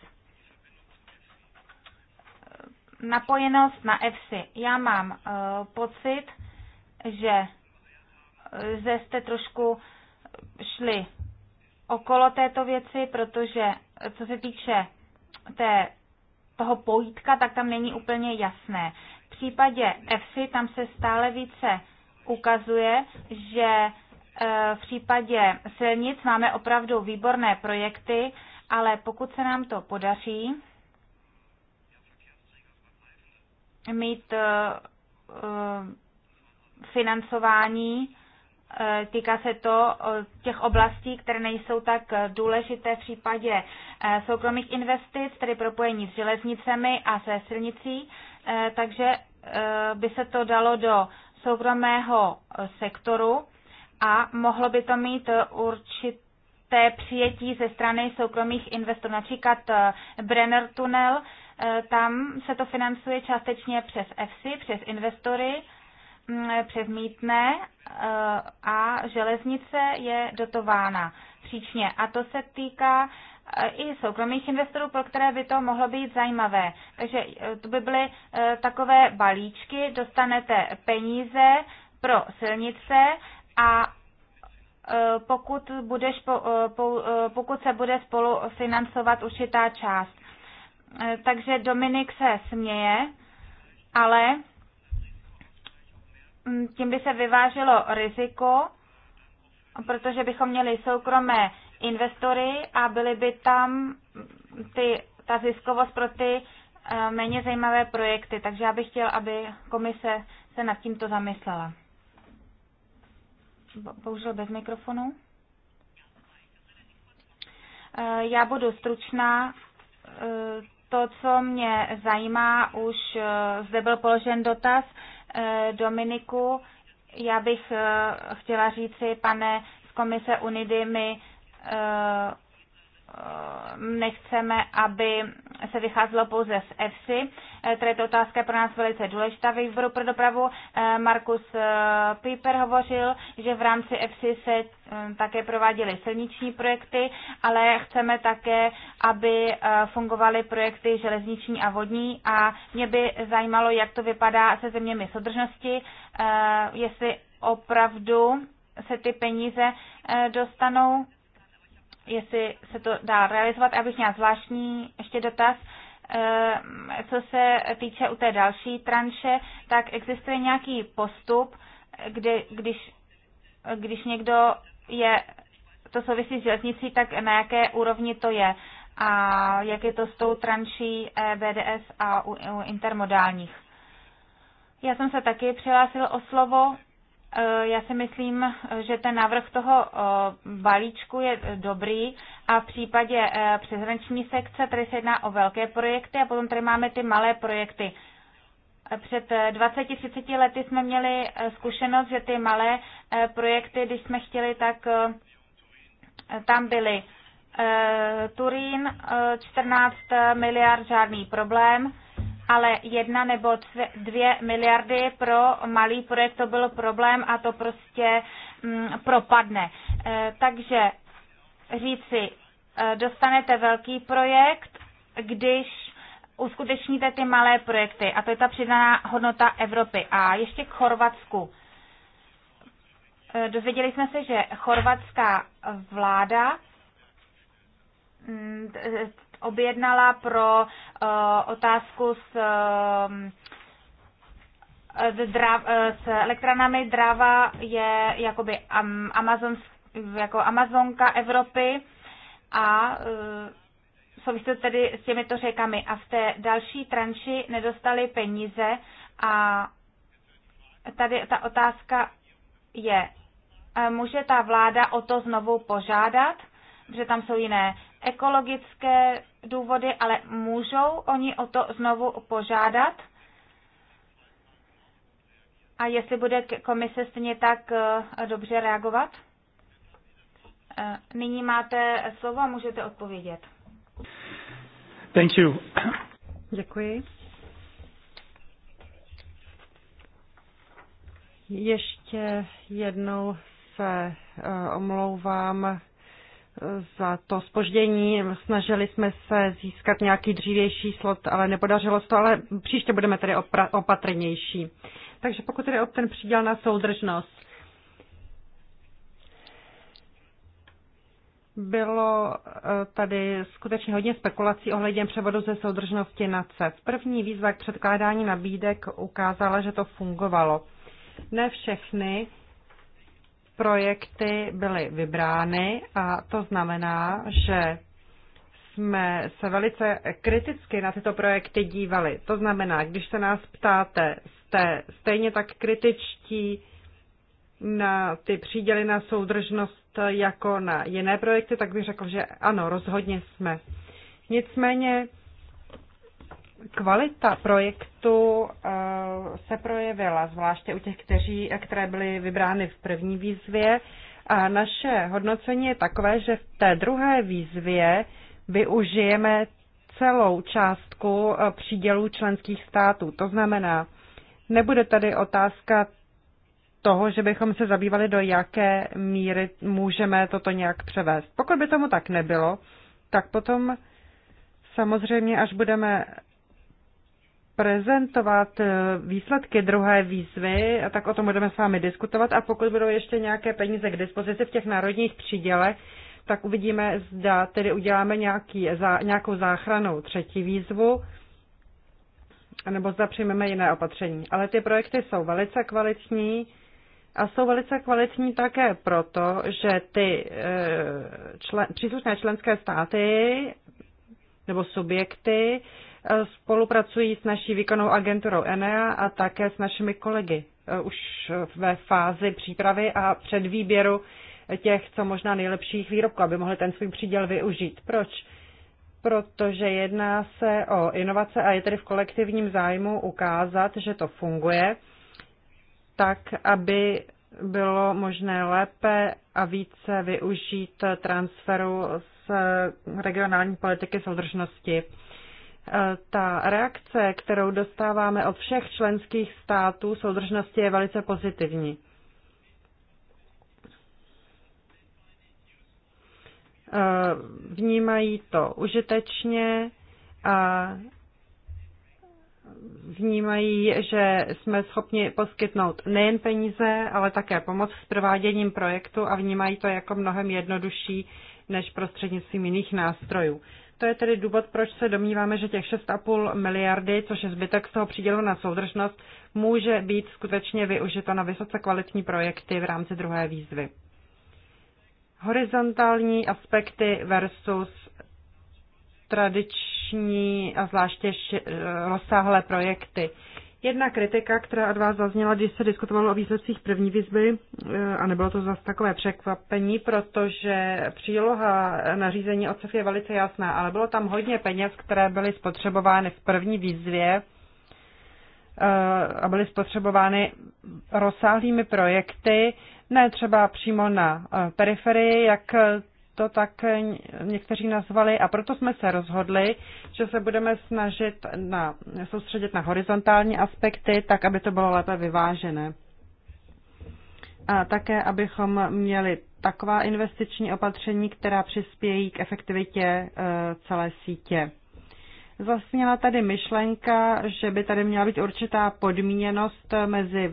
B: Napojenost na EFSI. Já mám pocit, že zde jste trošku šli okolo této věci, protože co se týče té, toho pojítka, tak tam není úplně jasné. V případě EFSI tam se stále více ukazuje, že e, v případě silnic máme opravdu výborné projekty, ale pokud se nám to podaří mít e, e, financování Eh, týká se to eh, těch oblastí, které nejsou tak eh, důležité v případě soukromých investic, tedy propojení s železnicemi a se silnicí, takže by se to dalo do soukromého sektoru a mohlo by to mít určité přijetí ze strany soukromých investorů, například Brenner tunel, tam se to financuje částečně přes EFSI, přes investory, Mm, mítné eh, a železnice je dotována příčně. A to se týká eh, i soukromých investorů, pro které by to mohlo být zajímavé. Takže eh, to by byly takové balíčky, dostanete peníze pro silnice a pokud, budeš, pokud se bude spolu financovat určitá část. Takže Dominik se směje, ale Mm, tím by se vyváželo riziko, protože bychom měli soukromé investory a byly by tam ty, ta ziskovost pro ty eh, méně zajímavé projekty. Takže já bych chtěl, aby komise se nad tímto zamyslela. Bohužel bez mikrofonu. Eh, já budu stručná. Eh, to, co mě zajímá, už zde byl položen dotaz. Eh, Dominiku. Já bych eh, chtěla říci, pane z komise Unidy, my eh, nechceme, aby se vycházelo pouze z EFSI. Tady ta otázka je pro nás velice důležitá ve výboru pro dopravu. Markus eh, Piper hovořil, že v rámci EFSI se eh, také prováděly silniční projekty, ale chceme také, aby eh, fungovaly projekty železniční a vodní a mě by zajímalo, jak to vypadá se zeměmi soudržnosti, jestli opravdu se ty peníze dostanou jestli se to dá realizovat. Abych měla zvláštní ještě dotaz, eh, co se týče u té další tranše, tak existuje nějaký postup, kdy, když, když někdo je, to souvisí s železnicí, tak na jaké úrovni to je a jak je to s tou tranší BDS e a u, u intermodálních. Já jsem se taky přihlásil o slovo Eh, já si myslím, že ten návrh toho eh, balíčku je dobrý a v případě eh, přeshraniční sekce tady se jedná o velké projekty a potom tady máme ty malé projekty. Před 20-30 lety jsme měli zkušenost, že ty malé projekty, když jsme chtěli, tak tam byly Turín 14 miliard, žádný problém ale jedna nebo dvě miliardy pro malý projekt to byl problém a to prostě mm, propadne. Eh, takže říci, eh, dostanete velký projekt, když uskutečníte ty malé projekty. A to je ta přidaná hodnota Evropy. A ještě k Chorvatsku. Eh, dozvěděli jsme se, že chorvatská vláda mm, objednala pro eh, otázku s ehm, s, uh, s elektranami Drava je jakoby Amazon jako Amazonka Evropy a eh, souvisí tedy s těmito řekami. A v té další tranši nedostali peníze a tady ta otázka je, může ta vláda o to znovu požádat, protože tam jsou jiné ekologické důvody, ale můžou oni o to znovu požádat? A jestli bude komise stejně tak eh, dobře reagovat? Eh, nyní máte slovo a můžete odpovědět. Thank you.
A: Děkuji. Ještě jednou se eh, omlouvám za to spoždění. Snažili jsme se získat nějaký dřívější slot, ale nepodařilo se to, ale příště budeme tedy opatrnější. Takže pokud tedy o ten příděl na soudržnost, bylo eh, tady skutečně hodně spekulací ohledně převodu ze soudržnosti na CEF. První výzva k předkládání nabídek ukázala, že to fungovalo. Ne všechny projekty byly vybrány a to znamená, že jsme se velice kriticky na tyto projekty dívali. To znamená, když se nás ptáte, jste stejně tak kritičtí na ty příděly na soudržnost jako na jiné projekty, tak bych řekl, že ano, rozhodně jsme. Nicméně kvalita projektu eh, se projevila, zvláště u těch, kteří, eh, které byly vybrány v první výzvě. A naše hodnocení je takové, že v té druhé výzvě využijeme celou částku eh, přídělů členských států. To znamená, nebude tady otázka toho, že bychom se zabývali, do jaké míry můžeme toto nějak převést. Pokud by tomu tak nebylo, tak potom samozřejmě, až budeme prezentovat eh, výsledky druhé výzvy, tak o tom budeme s vámi diskutovat a pokud budou ještě nějaké peníze k dispozici v těch národních přídělech, tak uvidíme, zda tedy uděláme nějaký, za, nějakou záchranou třetí výzvu, nebo zda přijmeme jiné opatření. Ale ty projekty jsou velice kvalitní a jsou velice kvalitní také proto, že ty eh, člen, příslušné členské státy nebo subjekty Eh, spolupracují s naší výkonnou agenturou ENEA a také s našimi kolegy eh, už ve fázi přípravy a před výběru těch co možná nejlepších výrobků, aby mohli ten svůj příděl využít. Proč? Protože jedná se o inovace a je tedy v kolektivním zájmu ukázat, že to funguje, tak aby bylo možné lépe a více využít transferu z regionální politiky soudržnosti ta reakce, kterou dostáváme od všech členských států soudržnosti, je velice pozitivní. Eh, vnímají to užitečně a vnímají, že jsme schopni poskytnout nejen peníze, ale také pomoc s prováděním projektu a vnímají to jako mnohem jednodušší než prostřednictvím jiných nástrojů. To je tedy důvod, proč se domníváme, že těch 6,5 miliardy, což je zbytek z toho přídělu na soudržnost, může být skutečně využito na vysoce kvalitní projekty v rámci druhé výzvy. Horizontální aspekty versus tradiční a zvláště rozsáhlé projekty. Jedna kritika, která od vás zazněla, když se diskutovalo o výsledcích první výzvy, e, a nebylo to zase takové překvapení, protože příloha nařízení o je velice jasná, ale bylo tam hodně peněz, které byly spotřebovány v první výzvě e, a byly spotřebovány rozsáhlými projekty, ne třeba přímo na e, periferii, jak to tak někteří nazvali, a proto jsme se rozhodli, že se budeme snažit na, soustředit na horizontální aspekty, tak aby to bylo lépe vyvážené. A také, abychom měli taková investiční opatření, která přispějí k efektivitě e, celé sítě. Zasněla tady myšlenka, že by tady měla být určitá podmíněnost mezi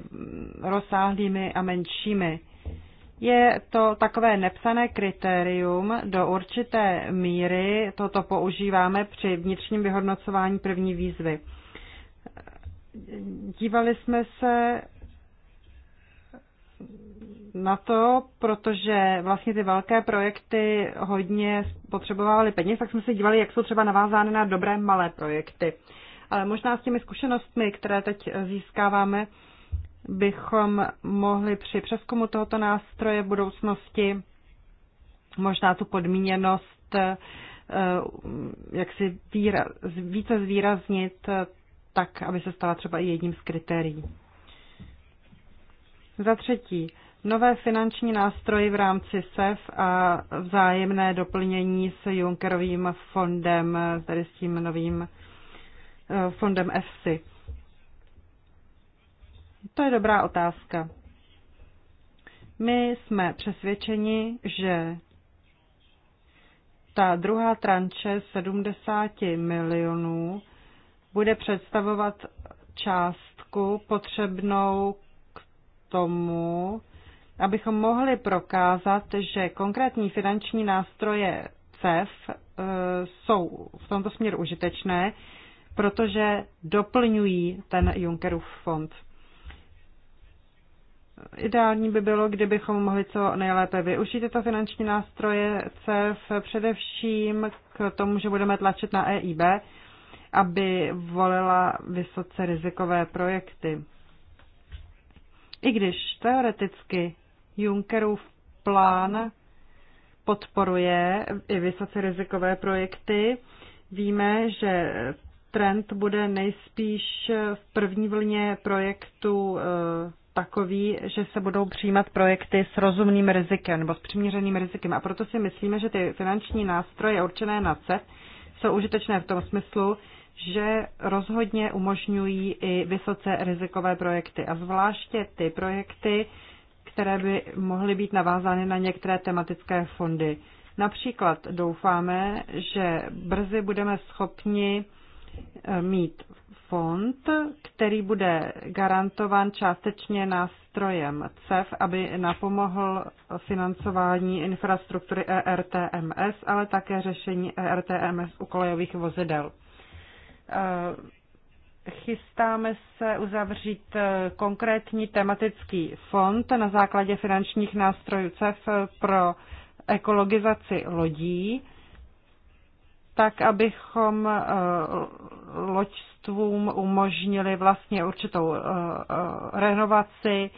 A: rozsáhlými a menšími je to takové nepsané kritérium, do určité míry toto používáme při vnitřním vyhodnocování první výzvy. Dívali jsme se na to, protože vlastně ty velké projekty hodně potřebovaly peněz, tak jsme se dívali, jak jsou třeba navázány na dobré malé projekty. Ale možná s těmi zkušenostmi, které teď získáváme, bychom mohli při přeskumu tohoto nástroje v budoucnosti možná tu podmíněnost eh, jak si výraz, více zvýraznit tak, aby se stala třeba i jedním z kritérií. Za třetí, nové finanční nástroje v rámci SEF a vzájemné doplnění s Junckerovým fondem, tedy s tím novým eh, fondem EFSI. To je dobrá otázka. My jsme přesvědčeni, že ta druhá tranče 70 milionů bude představovat částku potřebnou k tomu, abychom mohli prokázat, že konkrétní finanční nástroje CEF e, jsou v tomto směru užitečné, protože doplňují ten Junckerův fond. Ideální by bylo, kdybychom mohli co nejlépe využít tyto finanční nástroje CEF, především k tomu, že budeme tlačit na EIB, aby volila vysoce rizikové projekty. I když teoreticky Junckerův plán podporuje i vysoce rizikové projekty, víme, že trend bude nejspíš v první vlně projektu eh, takový, že se budou přijímat projekty s rozumným rizikem nebo s přiměřeným rizikem. A proto si myslíme, že ty finanční nástroje určené na CEF jsou užitečné v tom smyslu, že rozhodně umožňují i vysoce rizikové projekty a zvláště ty projekty, které by mohly být navázány na některé tematické fondy. Například doufáme, že brzy budeme schopni eh, mít fond, který bude garantován částečně nástrojem CEF, aby napomohl financování infrastruktury ERTMS, ale také řešení ERTMS u kolejových vozidel. Eh, chystáme se uzavřít eh, konkrétní tematický fond na základě finančních nástrojů CEF eh, pro ekologizaci lodí tak abychom eh, loďstvům umožnili vlastně určitou eh, eh, renovaci,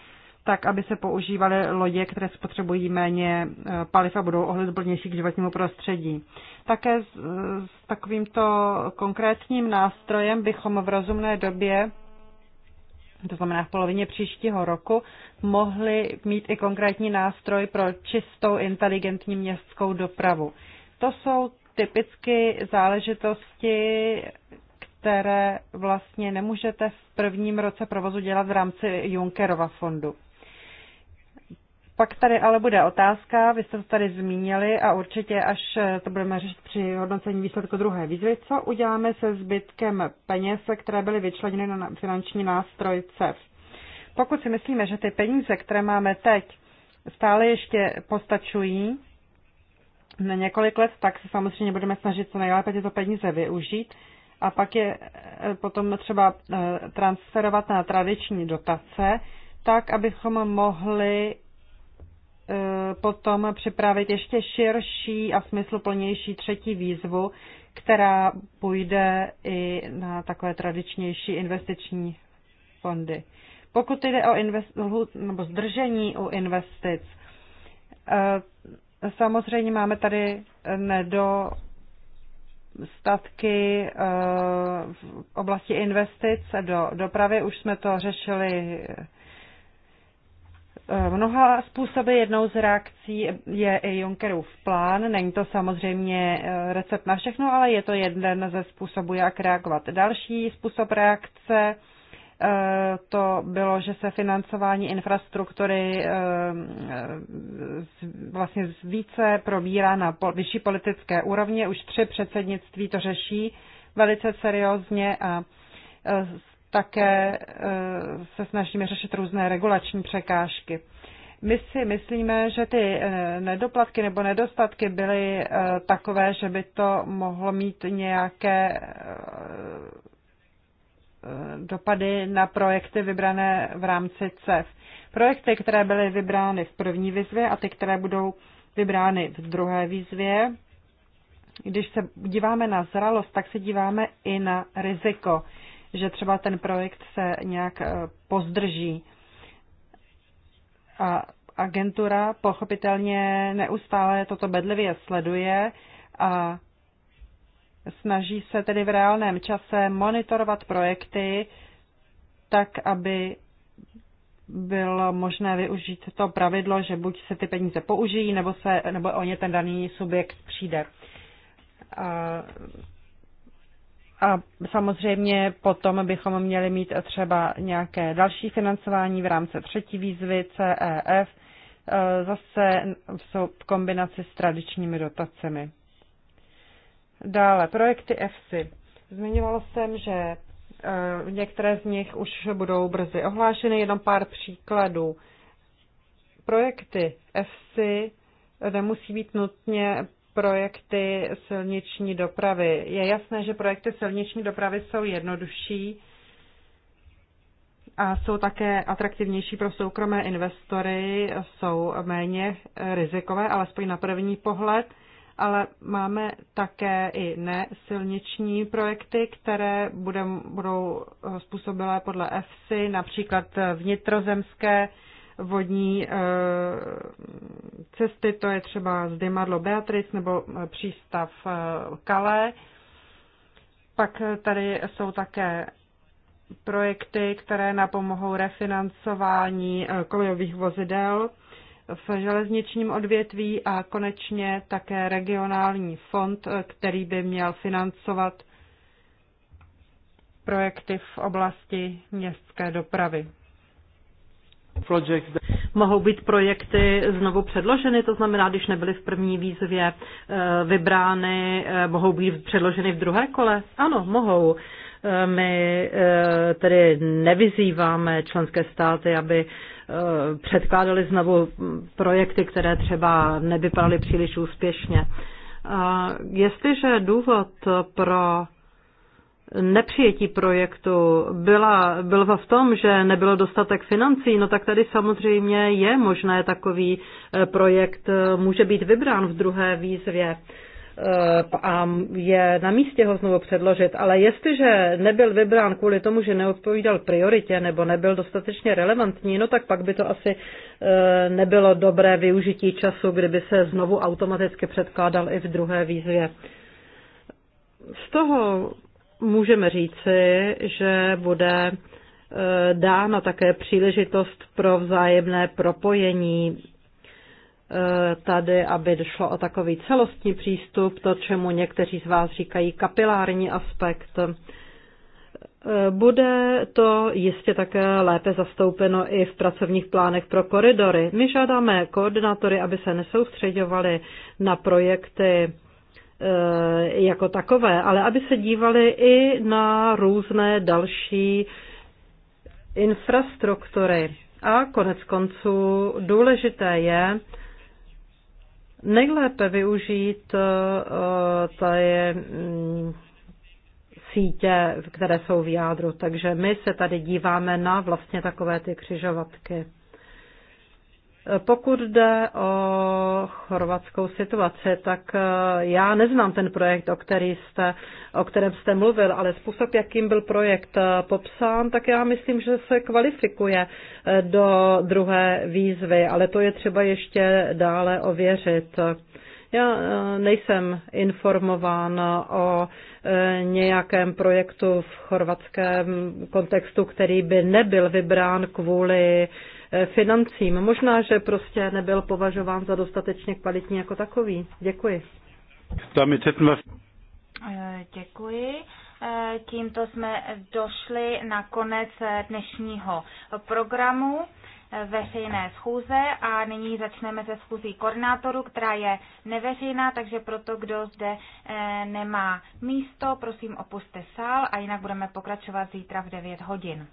A: tak aby se používaly lodě, které spotřebují méně paliv a budou ohleduplnější k životnímu prostředí. Také s, s takovýmto konkrétním nástrojem bychom v rozumné době to znamená v polovině příštího roku, mohli mít i konkrétní nástroj pro čistou inteligentní městskou dopravu. To jsou typicky záležitosti, které vlastně nemůžete v prvním roce provozu dělat v rámci Junckerova fondu. Pak tady ale bude otázka, vy jste to tady zmínili a určitě až to budeme řešit při hodnocení výsledku druhé výzvy, co uděláme se zbytkem peněz, které byly vyčleněny na finanční nástroj CEF. Pokud si myslíme, že ty peníze, které máme teď, stále ještě postačují, na několik let, tak se samozřejmě budeme snažit co nejlépe tyto peníze využít a pak je eh, potom třeba eh, transferovat na tradiční dotace, tak abychom mohli eh, potom připravit ještě širší a smysluplnější třetí výzvu, která půjde i na takové tradičnější investiční fondy. Pokud jde o invest, nebo zdržení u investic, Samozřejmě máme tady eh, nedo statky eh, v oblasti investic do dopravy. Už jsme to řešili eh, mnoha způsoby. Jednou z reakcí je i Junckerův plán. Není to samozřejmě recept na všechno, ale je to jeden ze způsobů, jak reagovat. Další způsob reakce Eh, to bylo, že se financování infrastruktury eh, vlastně více probírá na vyšší politické úrovně. Už tři předsednictví to řeší velice seriózně a eh, také se snažíme řešit různé regulační překážky. My si myslíme, že ty nedoplatky nebo nedostatky byly takové, že by to mohlo mít nějaké Eh, dopady na projekty vybrané v rámci CEF. Projekty, které byly vybrány v první výzvě a ty, které budou vybrány v druhé výzvě, když se díváme na zralost, tak se díváme i na riziko, že třeba ten projekt se nějak eh, pozdrží. A agentura pochopitelně neustále toto bedlivě sleduje a Snaží se tedy v reálném čase monitorovat projekty tak, aby bylo možné využít to pravidlo, že buď se ty peníze použijí, nebo, se, nebo o ně ten daný subjekt přijde. A, a samozřejmě potom bychom měli mít třeba nějaké další financování v rámci třetí výzvy CEF, e, zase v kombinaci s tradičními dotacemi. Dále, projekty EFSI. Zmiňovala jsem, že eh, některé z nich už budou brzy ohlášeny, jenom pár příkladů. Projekty EFSI nemusí být nutně projekty silniční dopravy. Je jasné, že projekty silniční dopravy jsou jednodušší a jsou také atraktivnější pro soukromé investory, jsou méně rizikové, alespoň na první pohled ale máme také i nesilniční projekty, které budou eh, způsobilé podle EFSI, například eh, vnitrozemské vodní eh, cesty, to je třeba Zdymadlo Beatrice nebo přístav Kalé. Pak tady jsou také projekty, které napomohou refinancování kolejových vozidel v železničním odvětví a konečně také regionální fond, který by měl financovat projekty v oblasti městské dopravy. Project. Mohou být projekty znovu předloženy, to znamená, když nebyly v první výzvě eh, vybrány, eh, mohou být předloženy v druhé kole? Ano, mohou. Eh, my tedy nevyzýváme členské státy, aby Eh, předkládali znovu projekty, které třeba nevypadaly příliš úspěšně. Jestliže důvod pro nepřijetí projektu byla, byl v tom, že nebylo dostatek financí, no tak tady samozřejmě je možné takový eh, projekt eh, může být vybrán v druhé výzvě. Eh, a je na místě ho znovu předložit, ale jestliže nebyl vybrán kvůli tomu, že neodpovídal prioritě nebo nebyl dostatečně relevantní, no tak pak by to asi eh, nebylo dobré využití času, kdyby se znovu automaticky předkládal i v druhé výzvě. Z toho můžeme říci, že bude eh, dána také příležitost pro vzájemné propojení Eh, tady, aby došlo o takový celostní přístup, to, čemu někteří z vás říkají kapilární aspekt. Eh, bude to jistě také lépe zastoupeno i v pracovních plánech pro koridory. My žádáme koordinátory, aby se nesoustředovali na projekty eh, jako takové, ale aby se dívali i na různé další infrastruktury. A konec konců důležité je, nejlépe využít eh, ta je mm, sítě, které jsou v jádru. Takže my se tady díváme na vlastně takové ty křižovatky. Pokud jde o chorvatskou situaci, tak eh, já neznám ten projekt, o, který jste, o kterém jste mluvil, ale způsob, jakým byl projekt eh, popsán, tak já myslím, že se kvalifikuje eh, do druhé výzvy, ale to je třeba ještě dále ověřit. Já nejsem informován o nějakém projektu v chorvatském kontextu, který by nebyl vybrán kvůli Eh, financím. Možná, že prostě nebyl považován za dostatečně kvalitní jako takový. Děkuji.
B: Eh, děkuji. Eh, tímto jsme došli na konec dnešního programu veřejné schůze a nyní začneme se schůzí koordinátoru, která je neveřejná, takže proto, kdo zde nemá místo, prosím opuste sál a jinak budeme pokračovat zítra v 9 hodin.